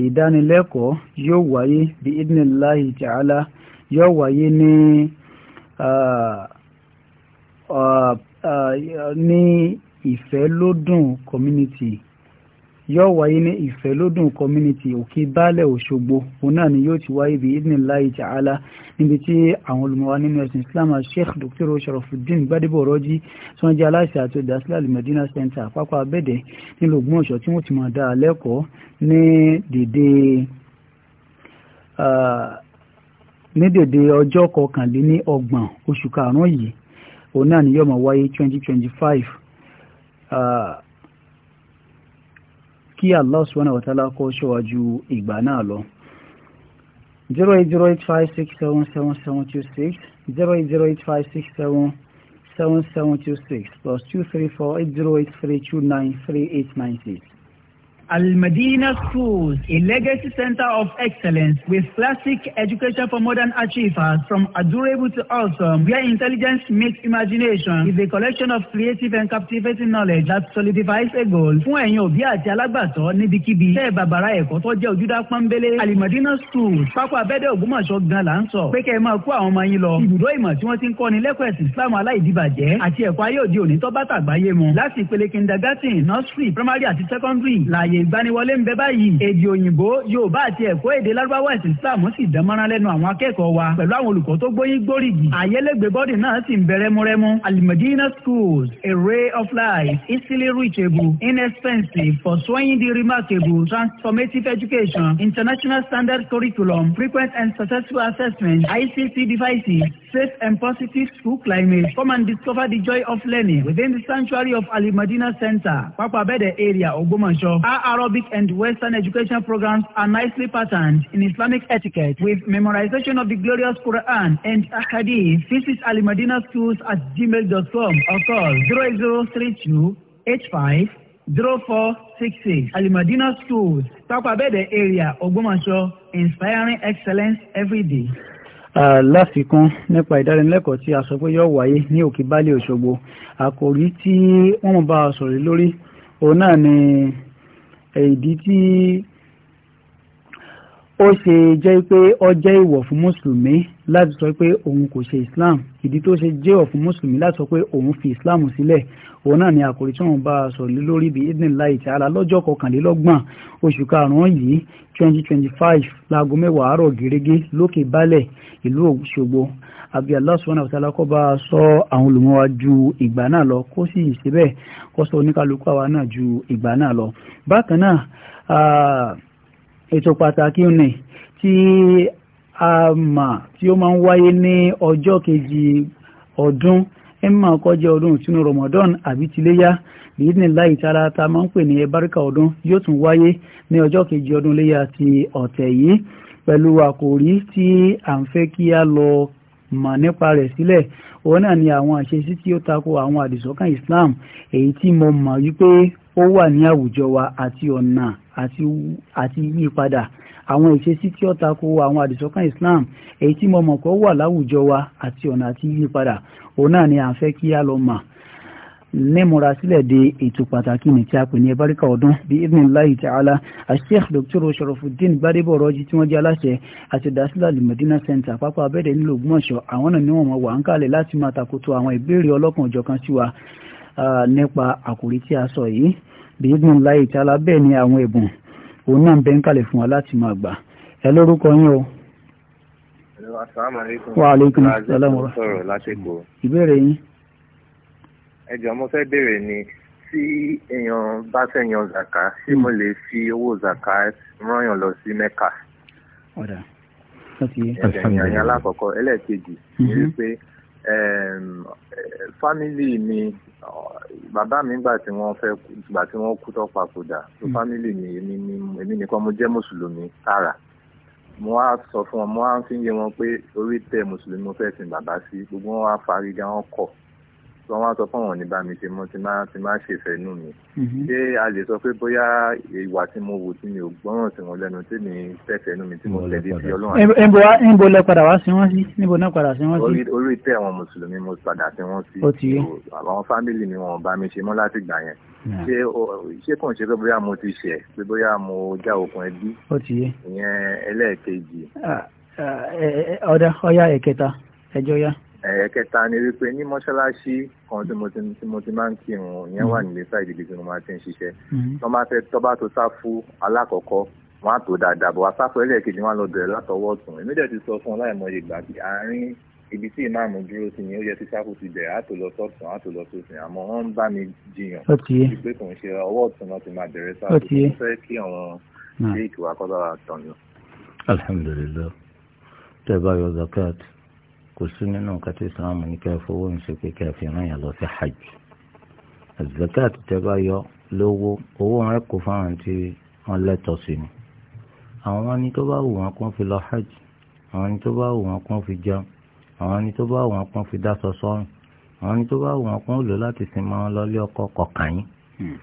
ìdánilẹ́kọ̀ọ́ yóò wáyé bí idhnillahi ta'ala yóò wáyé ní ní ìfẹ́lódùn community yóò wáyé ní ìfẹ́lódùn community òkè baálẹ̀ òṣogbo òun náà ni yóò ti wáyé bí idin láì jàálá níbi tí àwọn olùmọ̀wá nínú ẹ̀sìn islam sheikh dr sharafuddin gbadebo rọ́jí tí wọ́n jẹ́ aláṣẹ àti olùdásílẹ̀ Medina center àpapọ̀ abẹ́dẹ̀ nílùú ògbómọ̀ṣọ́ tí wọ́n ti máa dá a lẹ́kọ̀ọ́ ní dèdè ní dèdè ọjọ́ kọkànléní ọgbọ̀n oṣù karùn-ún yìí òun náà ni yóò máa wáyé 2025 ah, kí Allah subhanahu wa ta'ala kó ṣọ́wájú ìgbà náà lọ. 08085677726 08085677726 plus 2348083293896. Al Medina Schools, a legacy center of excellence with classic education for modern achievers from adorable to awesome, where intelligence meets imagination is a collection of creative and captivating knowledge that solidifies a goal. Fún ẹ̀yin òbí àti alágbàtọ́ níbikíbi, tẹ́ bàbàrà ẹ̀kọ́ tó jẹ́ ojúdá pọ́nbélé. Al Medina Schools, pápá abẹ́dẹ̀ Ògbómọ̀ṣọ́ gan la ń sọ. Pé kẹ́ ẹ máa kó àwọn ọmọ yín lọ. Ibùdó ìmọ̀ tí wọ́n ti ń kọ́ni lẹ́kọ̀ọ́ ẹ̀sìn Islam aláìdíbàjẹ́ àti ẹ̀kọ́ ayé òde kindergarten, nursery, primary àti secondary láàyè ààyè ìgbaniwọlé ń bẹ báyìí èdè òyìnbó yorùbá àti ẹ̀kọ́ èdè lárúbáwá ẹ̀sìn islam sì dánmọ́rán lẹ́nu àwọn akẹ́kọ̀ọ́ wa pẹ̀lú àwọn olùkọ́ tó gbóyin gbóríyìn àyẹlẹ́gbẹ́ bọ́dì náà sì ń bẹ rẹ́múrẹ́mú alimadina schools a ray of life easily reachable inexpensive for swaying the remarkable transformative education international standard curriculum frequent and successful assessment ICT devices safe and positive school climate. Come and discover the joy of learning within the sanctuary of Ali Madina Center, Papa Bede area, Ogbomoso. Our Arabic and Western education programs are nicely patterned in Islamic etiquette with memorization of the glorious Quran and Hadith. Visit Ali Madina schools at gmail.com or call 0032 85 0466 Madina Schools, Papa Bede area, Ogbomoso, inspiring excellence every day láfikún nípa ìdánilẹ́kọ̀ọ́ tí a sọ pé yóò wáyé ní òkè bálẹ̀ òṣogbo àkòrí tí wọ́n bá sọ̀rọ̀ lórí òun náà ni ìdí tí ó ṣe jẹ́ pé ó jẹ́ ìwọ̀ fún mùsùlùmí láti sọ pé òun kò ṣe islam ìdí tó ṣe jẹ́ ìwọ̀ fún mùsùlùmí láti sọ pé òun fi islam sílẹ̀ òun náà ni àkòrí tí wọ́n bá a sọ lé lórí ibi idin láì tí ara lọ́jọ́ kọkànlélọ́gbọ̀n oṣù karùn-ún yìí twenty twenty five láago mẹ́wàá àárọ̀ gẹ́gẹ́ lókè balẹ̀ ìlú Òṣogbo àbí Allah subhanahu wa ta'ala kó bá a sọ àwọn olùmọ̀ wa ju ìgbà náà lọ kó sì síbẹ̀ kó sọ oníkálukú àwa náà ju ìgbà náà lọ bákan náà ètò pàtàkì ní tí a mà tí ó máa ń wáyé ní ọjọ́ kejì ọdún ẹ máa kọjá ọdún ìtúnu Ramadan àbí tiléyá bíyìnì láì tara ta máa ń pè ní ẹbáríkà ọdún yóò tún wáyé ní ọjọ́ kejì ọdún léyà ti ọ̀tẹ̀ yìí pẹ̀lú àkòrí tí à ń fẹ́ kí a lọ mọ̀ nípa rẹ̀ sílẹ̀ òun náà ni àwọn àṣeṣí tí ó tako àwọn àdìsọ́kàn Islam èyí tí mo mọ̀ wípé ó wà ní àwùjọ wa àti ọ̀nà àti yí padà àwọn ìṣesí tí ó tako àwọn àdìsọ́kàn Islam èyí tí mo mọ̀ kó wà láwùjọ wa àti ọ̀nà àti yí padà òun náà ni à ń fẹ́ kí a lọ mọ̀ nímúra sílẹ̀ de ètò pàtàkì ní tí a pè ní ẹbáríkà ọdún bí ibnillahi ta'ala asheikh dr sharafuddin gbadebo ọrọ́jì tí wọ́n jẹ́ aláṣẹ àti ìdásílẹ̀ alimọ̀dínà center àpapọ̀ abẹ́ẹ̀dẹ̀ nílùú Ògbómọ̀ṣọ́ àwọn náà ni wọ́n mọ̀ wà ń kalẹ̀ láti máa takoto àwọn ìbéèrè ọlọ́kan òjọ̀kan sí wa ah, nípa àkòrí tí a sọ yìí bíyìnbọn láyé ìtàlá bẹ́ẹ̀ ni àwọn ẹ̀bùn òun náà ń bẹ́ ń kalẹ̀ fún wa láti máa gbà ẹ lórúkọ yín o. wa aleykum salaam wa rahmatulah. ìbéèrè yín. ẹ jọ̀ọ́ mo fẹ́ béèrè ni tí èèyàn bá fẹ́ yan zaka ṣé mo lè fi owó zaka rányàn lọ sí mẹ́ka. ọ̀dà. ẹ̀jẹ̀ ìyànjú alákọ̀ọ́kọ́ ẹlẹ́ẹ̀kejì ni mm-hmm. wípé. Family mi bàbá mi gbà tí wọ́n fẹ́ gbà tí wọ́n kú tó papòdà tó hmm. fámìlì mi èmi nìkan mo jẹ́ mùsùlùmí tààrà mo wá sọ fún wọn mo wá fi ń yé wọn pé orí tẹ mùsùlùmí mo fẹ́ sin bàbá sí gbogbo wọn wá fárígá wọn kọ̀ tí wọ́n wá sọ fún àwọn oníbà mi ṣe mo ti máa ti máa ṣèfẹ́ inú mi mhm. ṣé a lè sọ pé bóyá ìwà tí mo wò tí mi ò gbọ́ràn sí wọn lẹ́nu tí mi fẹ́fẹ́ inú mi tí mo tẹ̀lé sí ọlọ́run. níbo lẹ padà wá sí wọn sí níbo náà padà sí wọn sí. orí tẹ àwọn mùsùlùmí mo padà sí wọn sí àwọn fámìlì mi wọn bá mi ṣe mọ́ láti gbà yẹn ṣé ṣé kàn ṣe pé bóyá mo ti ṣẹ̀ pé bóyá mo já okùn ẹbí ìyẹn ẹlẹ́ẹ̀kejì. Ah, ah, ọ̀dà ọ̀yá ẹ̀ẹ́kẹta ni wípé ní mọ́ṣáláṣí kan tí mo ti tí mo ti máa ń kírun ìyẹn wà mm. nílé sáìdì ibi tí mo máa ti ń ṣiṣẹ́ mm. tó bá fẹ́ tó bá tó sáfù alákọ̀ọ́kọ́ wọ́n á tó dáadáa bọ̀ asáfù ẹlẹ́ẹ̀kejì wọ́n á lọ bẹ̀rẹ̀ látọwọ́ ọ̀tún èmi dẹ̀ ti sọ fún ọ láìmọye ìgbà pé àárín ibi tí ìmáàmù dúró sí ni ó yẹ tí sáfù ti bẹ̀rẹ̀ á tó lọ sọ́tún á tó lọ sósìn àmọ́ wọ́n ń bá mi jiyàn wípé kò kò sí nínú nǹkan tí islam ní ká fowó ń ṣe pé ká fi ràn yàn lọ sí hajj zakat tẹ́ bá yọ lówó owó wọn kò fáwọn tí wọn lẹ́tọ̀ọ́ sí ni àwọn wọn ni tó bá wù wọn kó fi lọ hajj àwọn ni tó bá wù wọn kó fi jẹun àwọn ni tó bá wù wọn kó fi dáṣọ sọ́rùn àwọn ni tó bá wù wọn kó lò láti sinmi wọn lọlé ọkọ kọkàn yín hmm.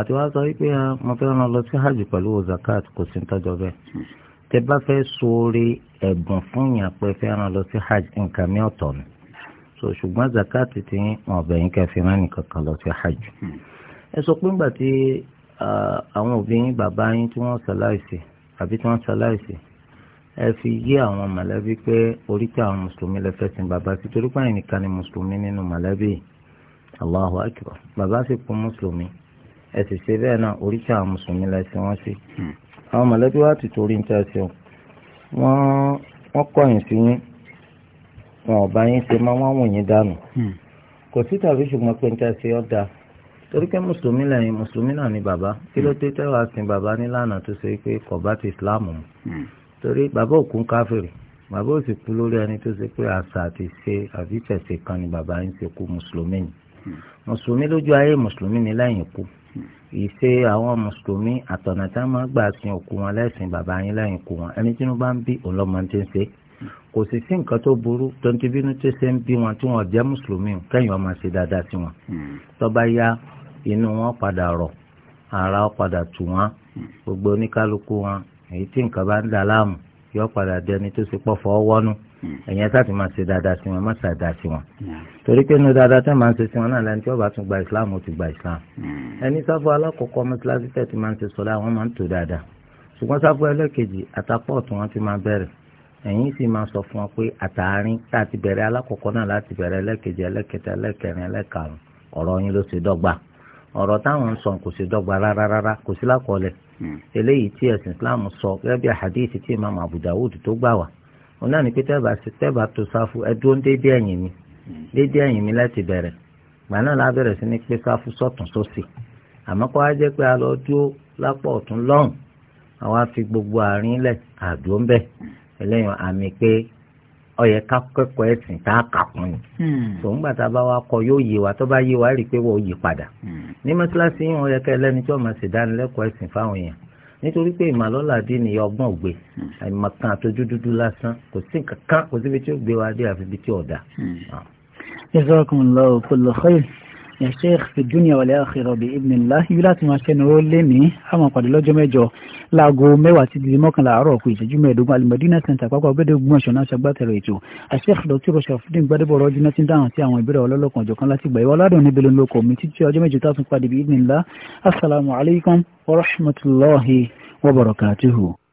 àti wàá sọ wípé ah, mo fẹ́ lọ sí hajj pẹ̀lú zakat kò sí tọ́jọ́ bẹ́ẹ̀ hmm. tẹ́ bá fẹ́ ṣoore ẹ̀bùn fún yàn pé fẹ́ràn lọ sí hajj nǹkan mi ọ̀tọ̀ ni so ṣùgbọ́n zakati ti ń ọ̀bẹ̀ yín kẹfì rán nìkan kan lọ sí hajj. ẹ sọ pé ńgbà tí àwọn òbí yín bàbá yín tí wọ́n ṣaláìsí àbí tí wọ́n ṣaláìsí ẹ fi yé àwọn mọ̀lẹ́bí pé orí tí àwọn mùsùlùmí lè fẹ́ sin bàbá sí torí pé nìkan ni mùsùlùmí nínú mọ̀lẹ́bí Allahu akbar bàbá sì kú mùsùlùmí ẹ sì ṣe bẹ́ẹ̀ náà orí tí àwọn mùsùlùmí lè sin wọ́n sí. Hmm. àwọn mọ̀lẹ́bí wa ti torí ń tẹ́ ẹ ṣeun wọ́n kọ̀yìn sí yín wọn ò bá yín ṣe máa wọ́n wọ̀nyí dànù hmm. kò sí tàbí ṣùgbọ́n pé níta ṣe ọ́ da torí pé mùsùlùmí lẹ́yìn mùsùlùmí náà ni bàbá kí ló dé tẹ́wàá sin bàbá nílànà tó ṣe pé kò bá ti ìsìláàmù mu hmm. torí bàbá òkú ń káfíìrì bàbá ò sì kú lórí ẹni tó ṣe pé àṣà àti ṣe àbí tẹ̀sẹ̀ kan ni bàbá yín ṣe kú mùsùlùmí ni hmm. mùsùlùmí lójú ayé mùsùlùmí ni lẹ́yìn kú ìṣe àwọn mùsùlùmí àtọ̀nà a máa gbà sin òkú wọn lẹ́sìn bàbá yín lẹ́yìn kú wọn ẹni tí wọ́n bá ń bí ọlọ́mọ ti ń ṣe kò sì sí nǹkan tó burú tonti bínú tó ṣe ń bí wọn tí wọn jẹ́ mùsùlùmí kẹ́yìn ọmọ ṣe dáadáa sí wọn tó bá yá inú wọn padà rọ̀ ara wọn padà tù wọn gbogbo oníkálukú wọn èyí tí nǹkan bá ń dà láàmú yóò padà dẹni tó ṣe pọ̀ fọ́ ẹ̀yẹn sáà ti máa ṣe dáadáa sí wọn má ṣe dáadáa sí wọn. torí pé inú dáadáa tẹ́ máa ń ṣe sí wọn náà lẹ́ni tí wọ́n tún gba islam ó ti gba islam. Mm. ẹni sáfù alákọ̀ọ́kọ́ mọ́tíláṣí tẹ̀ ti máa ń ṣe sọ́lá àwọn máa ń tò dáadáa. ṣùgbọ́n sáfù ẹlẹ́kejì àtàpọ̀ tí wọ́n ti máa bẹ̀rẹ̀ ẹ̀yin sì máa sọ fún wọn pé àtàárín tá a ti bẹ̀rẹ̀ alákọ̀ọ́kọ́ náà láti bẹ̀rẹ̀ ẹlẹ́kejì ẹlẹ́kẹta ẹlẹ́kẹrin ẹlẹ́karùn ọ̀rọ̀ yín ló ṣe dọ́gba ọ̀rọ̀ táwọn ń sọ kò sí dọ́gba rárá rárá kò sí lákọọ́lẹ̀ mm. eléyìí wọn náà ní pé tẹ́ẹ̀bà tẹ́ẹ̀bà tó sáfù ẹ dúró déédéé ẹ̀yìn mi déédéé ẹ̀yìn mi láti bẹ̀rẹ̀ gbà náà la bẹ̀rẹ̀ sí ní pé sáfù sọ̀tún sósì àmọ́ kó wá jẹ́ pé a lọ dúró lápọ̀ ọ̀tún lọ́hùn àwa fi gbogbo àárín lẹ̀ àdúró ńbẹ̀ ẹlẹ́yìn àmì pé ó yẹ ká kẹ́kọ̀ọ́ ẹ̀sìn tá a kà kún ni tòun hmm. gbà tá a bá wa kọ yóò yé wa tó bá yé wa rí i pé wọ́n yí padà hmm. ní mọ́tíláṣí yìí wọ́n yẹ ká ẹlẹ́ni tí wọ́n máa ṣèdánilẹ́kọ̀ọ́ ẹ̀sìn fáwọn èèyàn nítorí pé ìmàlọ́là dín ní ọgbọ́n ògbé hmm. àìmọ̀kan àtọ́jú dúdú lásán kò sí kankan kò síbi tí ó gbé wa dé àfi ibi tí ọ̀dà. ẹ sọ́kùnrin lọ́wọ́ kó lọ́ọ́ ya sheikh fi dunya wal akhirah bi ibnillah ibi láti máa ṣẹ́nu ó lé ní àwọn àpàdé lọ́jọ́ mẹ́jọ láago mẹ́wàá títí di mọ́kànlá àárọ̀ kù ìṣẹ́jú mẹ́ẹ̀ẹ́dógún alimọ̀dínà center pápá ọgbẹ́dẹ́ ogun ọ̀ṣọ́ náà ṣàgbátẹ̀rẹ̀ ètò àṣeyẹ̀f dr ṣàfùdín gbadébọ̀ ọ̀rọ̀ ọdún ti ń dáhùn sí àwọn ìbéèrè ọlọ́lọ́kan ọjọ́ kan láti gbà ìwà aládùn